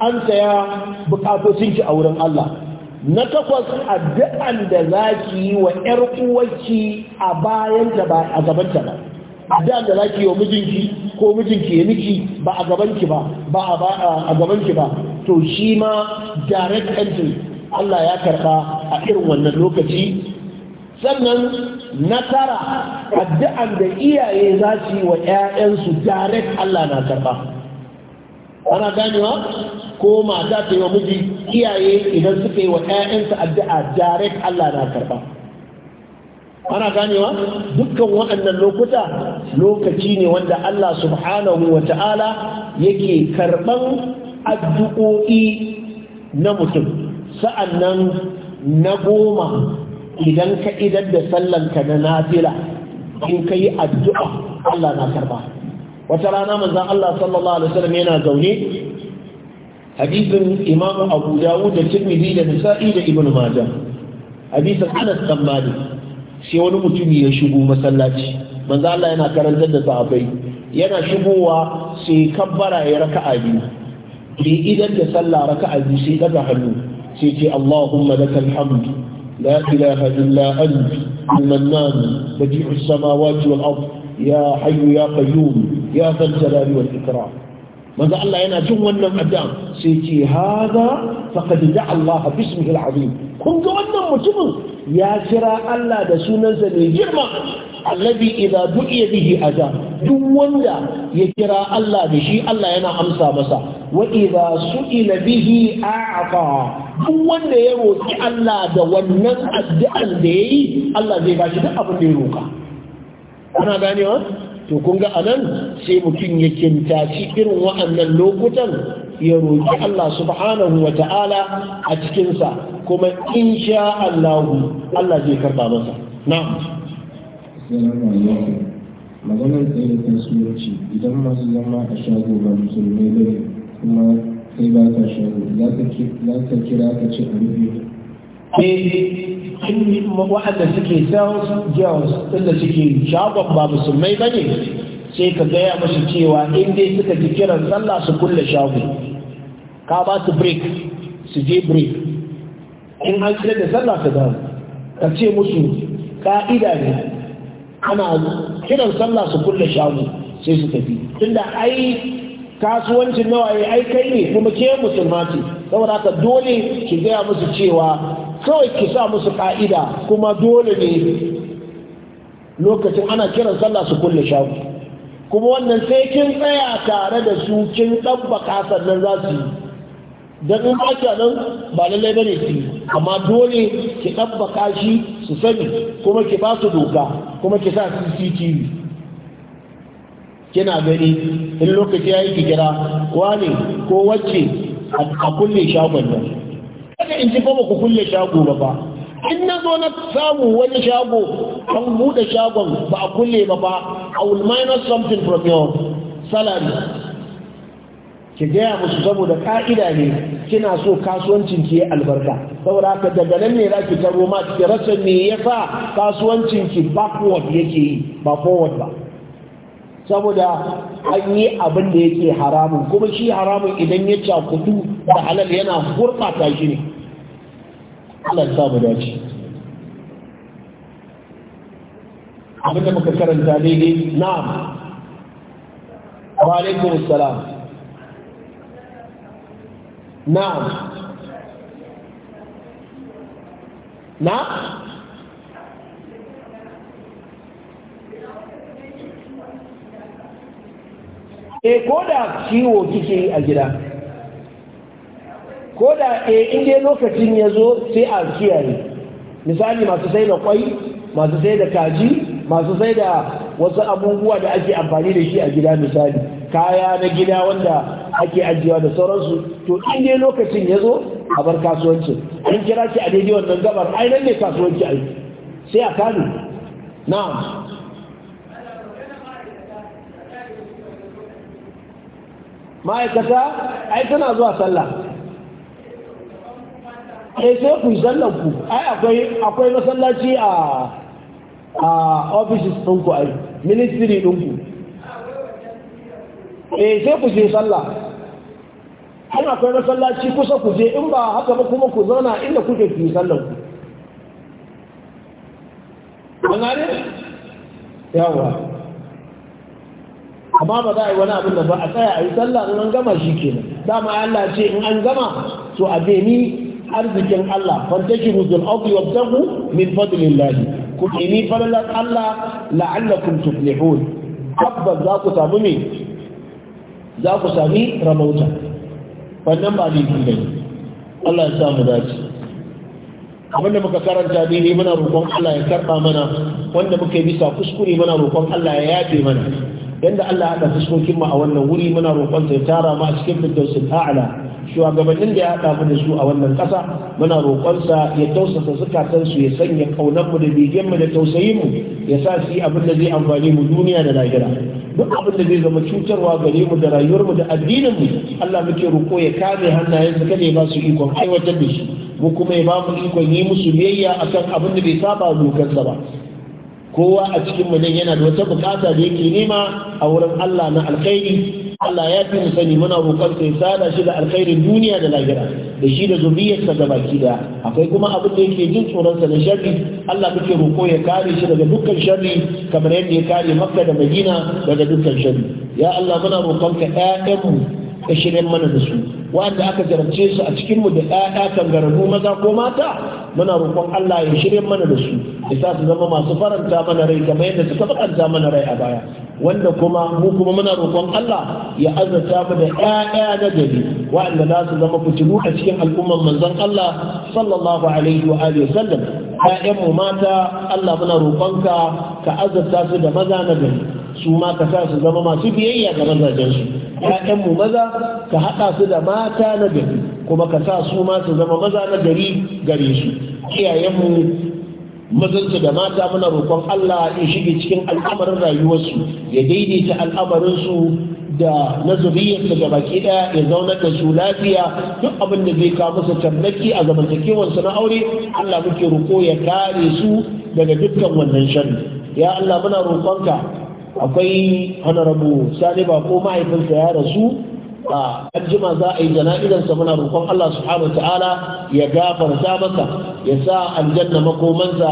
an saya bukatocin ki a wurin Allah na takwas addu'an da za ki yi wa yar uwarki a bayan ta ba a gaban ta ba A da zaki wa mijinki ko mijinki ya miki ba a gabanki ba ba a gabanki ba to shi ma direct entry Allah ya karba a irin wannan lokaci sannan nasara tara da iyaye za su yi wa 'ya'yansu direct Allah na karba ana ganewa ko mata ta yi wa miji iyaye idan suka yi wa 'ya'yansu addu'a direct Allah na karba ana ganewa dukkan waɗannan lokuta lokaci ne wanda Allah subhanahu wa ta'ala yake karɓan addu'o'i na mutum sa'an nan na goma idan ka idan da sallanka na nafila in ka yi addu'a Allah na karɓa wata rana manzan Allah sallallahu Alaihi wasallam yana zaune hadisin imamu abu dawud da tirmidhi da nisa'i da ibn majah hadisin anas dan sai wani mutum ya shigo masallaci manzo Allah yana karantar da sahabbai yana shigowa sai kabbara ya raka'a biyu bi idan da sallah raka'a biyu sai daga hannu sai ce Allahumma lakal hamd la ilaha illa ant al-mannan badi'u samawati wal ard ya hayyu ya qayyum ya dhal jalali wal ikram manzo Allah yana jin wannan addu'a sai ce haza faqad da'a Allah bismihi al-azim kun ga wannan mutumin ya kira Allah da sunansa mai girma allazi idza du'iya bihi aja duk wanda ya kira Allah da shi Allah yana amsa masa wa idza su'ila bihi a'ata duk wanda ya roki Allah da wannan addu'an da yayi Allah zai bashi duk abin da ya roka kuna ganewa to kun ga anan sai mutum ya kintaci irin wa'annan lokutan ya roƙi Allah subhanahu wa ta'ala a cikinsa kuma in sha Allah Allah zai karba masa na'am maganar tsaye da kasuwanci idan masu zama a shago ba musulmai bane kuma sai ba ka shago za ka kira ka ce a rufe Eh, in waɗanda suke sales girls inda suke shagon ba musulmai ba ne sai ka gaya masu cewa in dai suka ji kiran sallah su kulle shago ka ba su break su je break in an kira da sallah su dawo ka ce musu ka'ida ne ana kiran sallah su kulle shago sai su tafi tunda ai kasuwancin nawa ai kai ne kuma ke musulma ce saboda ka dole ki gaya musu cewa kawai ki sa musu ƙa'ida kuma dole ne lokacin ana kiran sallah su kulle shago kuma wannan sai kin tsaya tare da su kin ɗabbaka sannan za su yi don in ake nan ba lallai bane su yi amma dole ki ɗabbaka shi su sani kuma ki ba su doka kuma ki sa cctv kina gani in lokaci ya yi ki kira wane ko wacce a kulle shagon nan kada in ji ba ku kulle shago ba ba in na zo na samu wani shago an buɗe shagon ba a kulle ba ba a will minus something from your salary ki gaya musu saboda ka'ida ne kina so kasuwancin ki albarka saboda haka daga nan ne za ki taro ma ki rasa me yasa kasuwancin ki backward yake yi ba forward ba saboda an yi abin da yake haramun kuma shi haramun idan ya cakutu da halal yana gurɓata shi ne halal ta mu dace abin da muka karanta daidai na. wa alaikum assalam Na. na'am e ko da ciwo kike yi a gida ko da e dai lokacin ya zo sai a kiyaye misali masu sai da kwai masu sai da kaji masu sai da wasu abubuwa da ake amfani da shi a gida misali kaya na gida wanda ake ajiyewa da sauransu to in inda lokacin ya zo a bar kasuwanci In kira ki a daidai wannan gabar ai nan ne kasuwanci ai sai a kano na'am ma'aikata ai tana zuwa sallah ai eh, sai ku yi sallar ku ai akwai akwai masallaci a a offices ɗinku a ministry ɗinku eh sai ku je sallah in akwai masallaci kusa ku je in ba haka ba kuma ku zauna inda kuke ku yi sallar ku an gane amma ba za a yi wani abin da ba a tsaya a yi sallah in an gama shi kenan dama Allah ce in an gama to a ni arzikin Allah fantakiru zul ardi wabtahu min fadlillah ku nemi falalar Allah la'allakum tuflihun tabbas za ku samu me za ku sami rabauta wannan ba ne kin gani Allah ya samu dace abinda muka karanta dini muna roƙon Allah ya karɓa mana wanda muke bisa kuskure muna roƙon Allah ya yafe mana yanda Allah haɗa fuskokin mu a wannan wuri muna roƙon ya tara mu a cikin firdausul a'la shugabannin da ya haɗa mu da su a wannan ƙasa muna roƙonsa ya tausasa zukatan su ya sanya kaunar mu da bigen mu da tausayin mu ya sa su abin da zai amfani mu duniya da lahira duk abin da zai zama cutarwa gare mu da rayuwar mu da addinin mu Allah muke roƙo ya kame hannayen su kada ya ba su ikon aiwatar da shi mu kuma ya ba mu ikon yi musu biyayya akan abin da bai saba dokarsa ba kowa a cikin mu yana da wata bukata da yake nema a wurin Allah na alkhairi Allah ya fi mu sani muna roƙon sai sada shi da alkhairin duniya da lahira da shi da zuriyarsa da baki da akwai kuma abin da yake jin tsoron sa na sharri Allah kake roƙo ya kare shi daga dukkan sharri kamar yadda ya kare Makka da Madina daga dukkan sharri ya Allah muna roƙon ka ƴaƴanmu ka shirya mana da su wanda aka jarabce su a cikin mu da ɗaya kangararru maza ko mata muna roƙon Allah ya shirya mana da su ya sa su zama masu faranta mana rai kamar yadda suka faranta mana rai a baya wanda kuma mu kuma muna roƙon Allah ya azurta mu da ɗaya na gari wanda za su zama fitilu a cikin al'ummar manzon Allah sallallahu alaihi wa alihi wasallam mu mata Allah muna roƙonka ka azurta su da maza na gari su ma ka sa su zama masu biyayya ga mazajensu ‘ya'yanmu maza ka haɗa su da mata na gari kuma ka sa su ma su zama maza na gari gare su iyayenmu mazansu da mata muna roƙon Allah ya shige cikin al'amarin rayuwarsu ya daidaita al'amarinsu da na zuriyarsa da baki ɗaya ya zaunar da su lafiya duk abin da zai kawo musu tarnaki a zamantakewarsu na aure Allah muke roƙo ya kare su daga dukkan wannan sharri ya Allah muna roƙonka akwai hanarabu sani ba ko mahaifinsa ya rasu a anjima za a yi jana'izarsa muna roƙon Allah subhanahu ta'ala ya gafarta masa ya sa aljanna makomansa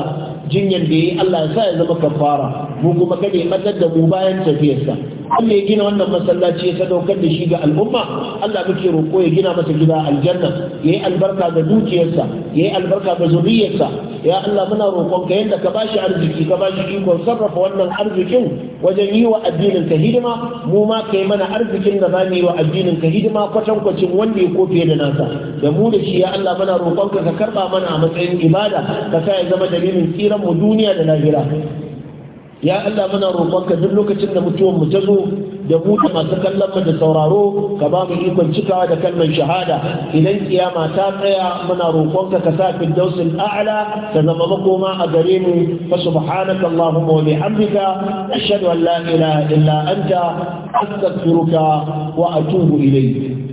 jinyar da yi Allah ya sa ya zama kafara mu kuma ya matar da mu bayan tafiyarsa Allah ya gina wannan masallaci ya sadaukar da shi ga al'umma Allah muke roƙo ya gina masa gida aljanna yayi albarka ga dukiyarsa yayi albarka ga zuriyarsa ya Allah muna roƙon ka yanda ka bashi arziki ka bashi ikon sarrafa wannan arzikin wajen yi wa addinin ka hidima mu ma yi mana arzikin da zamu yi wa addinin ka hidima kwatan kwacin wanda ya kofe da nasa da mu da shi ya Allah muna roƙon ka ka karɓa mana a matsayin ibada ka sa ya zama dalilin tsiran mu duniya da lahira ya Allah muna roƙonka duk lokacin da mutuwan mu ta zo da mu da masu kallon mu da sauraro ka ba mu ikon cikawa da kalmar shahada idan kiyama ta tsaya muna roƙonka ka sa fi dausul a'la ta zama makoma a gare mu fa subhanaka allahumma wa bihamdika ashhadu an la ilaha illa anta astaghfiruka wa atubu ilayk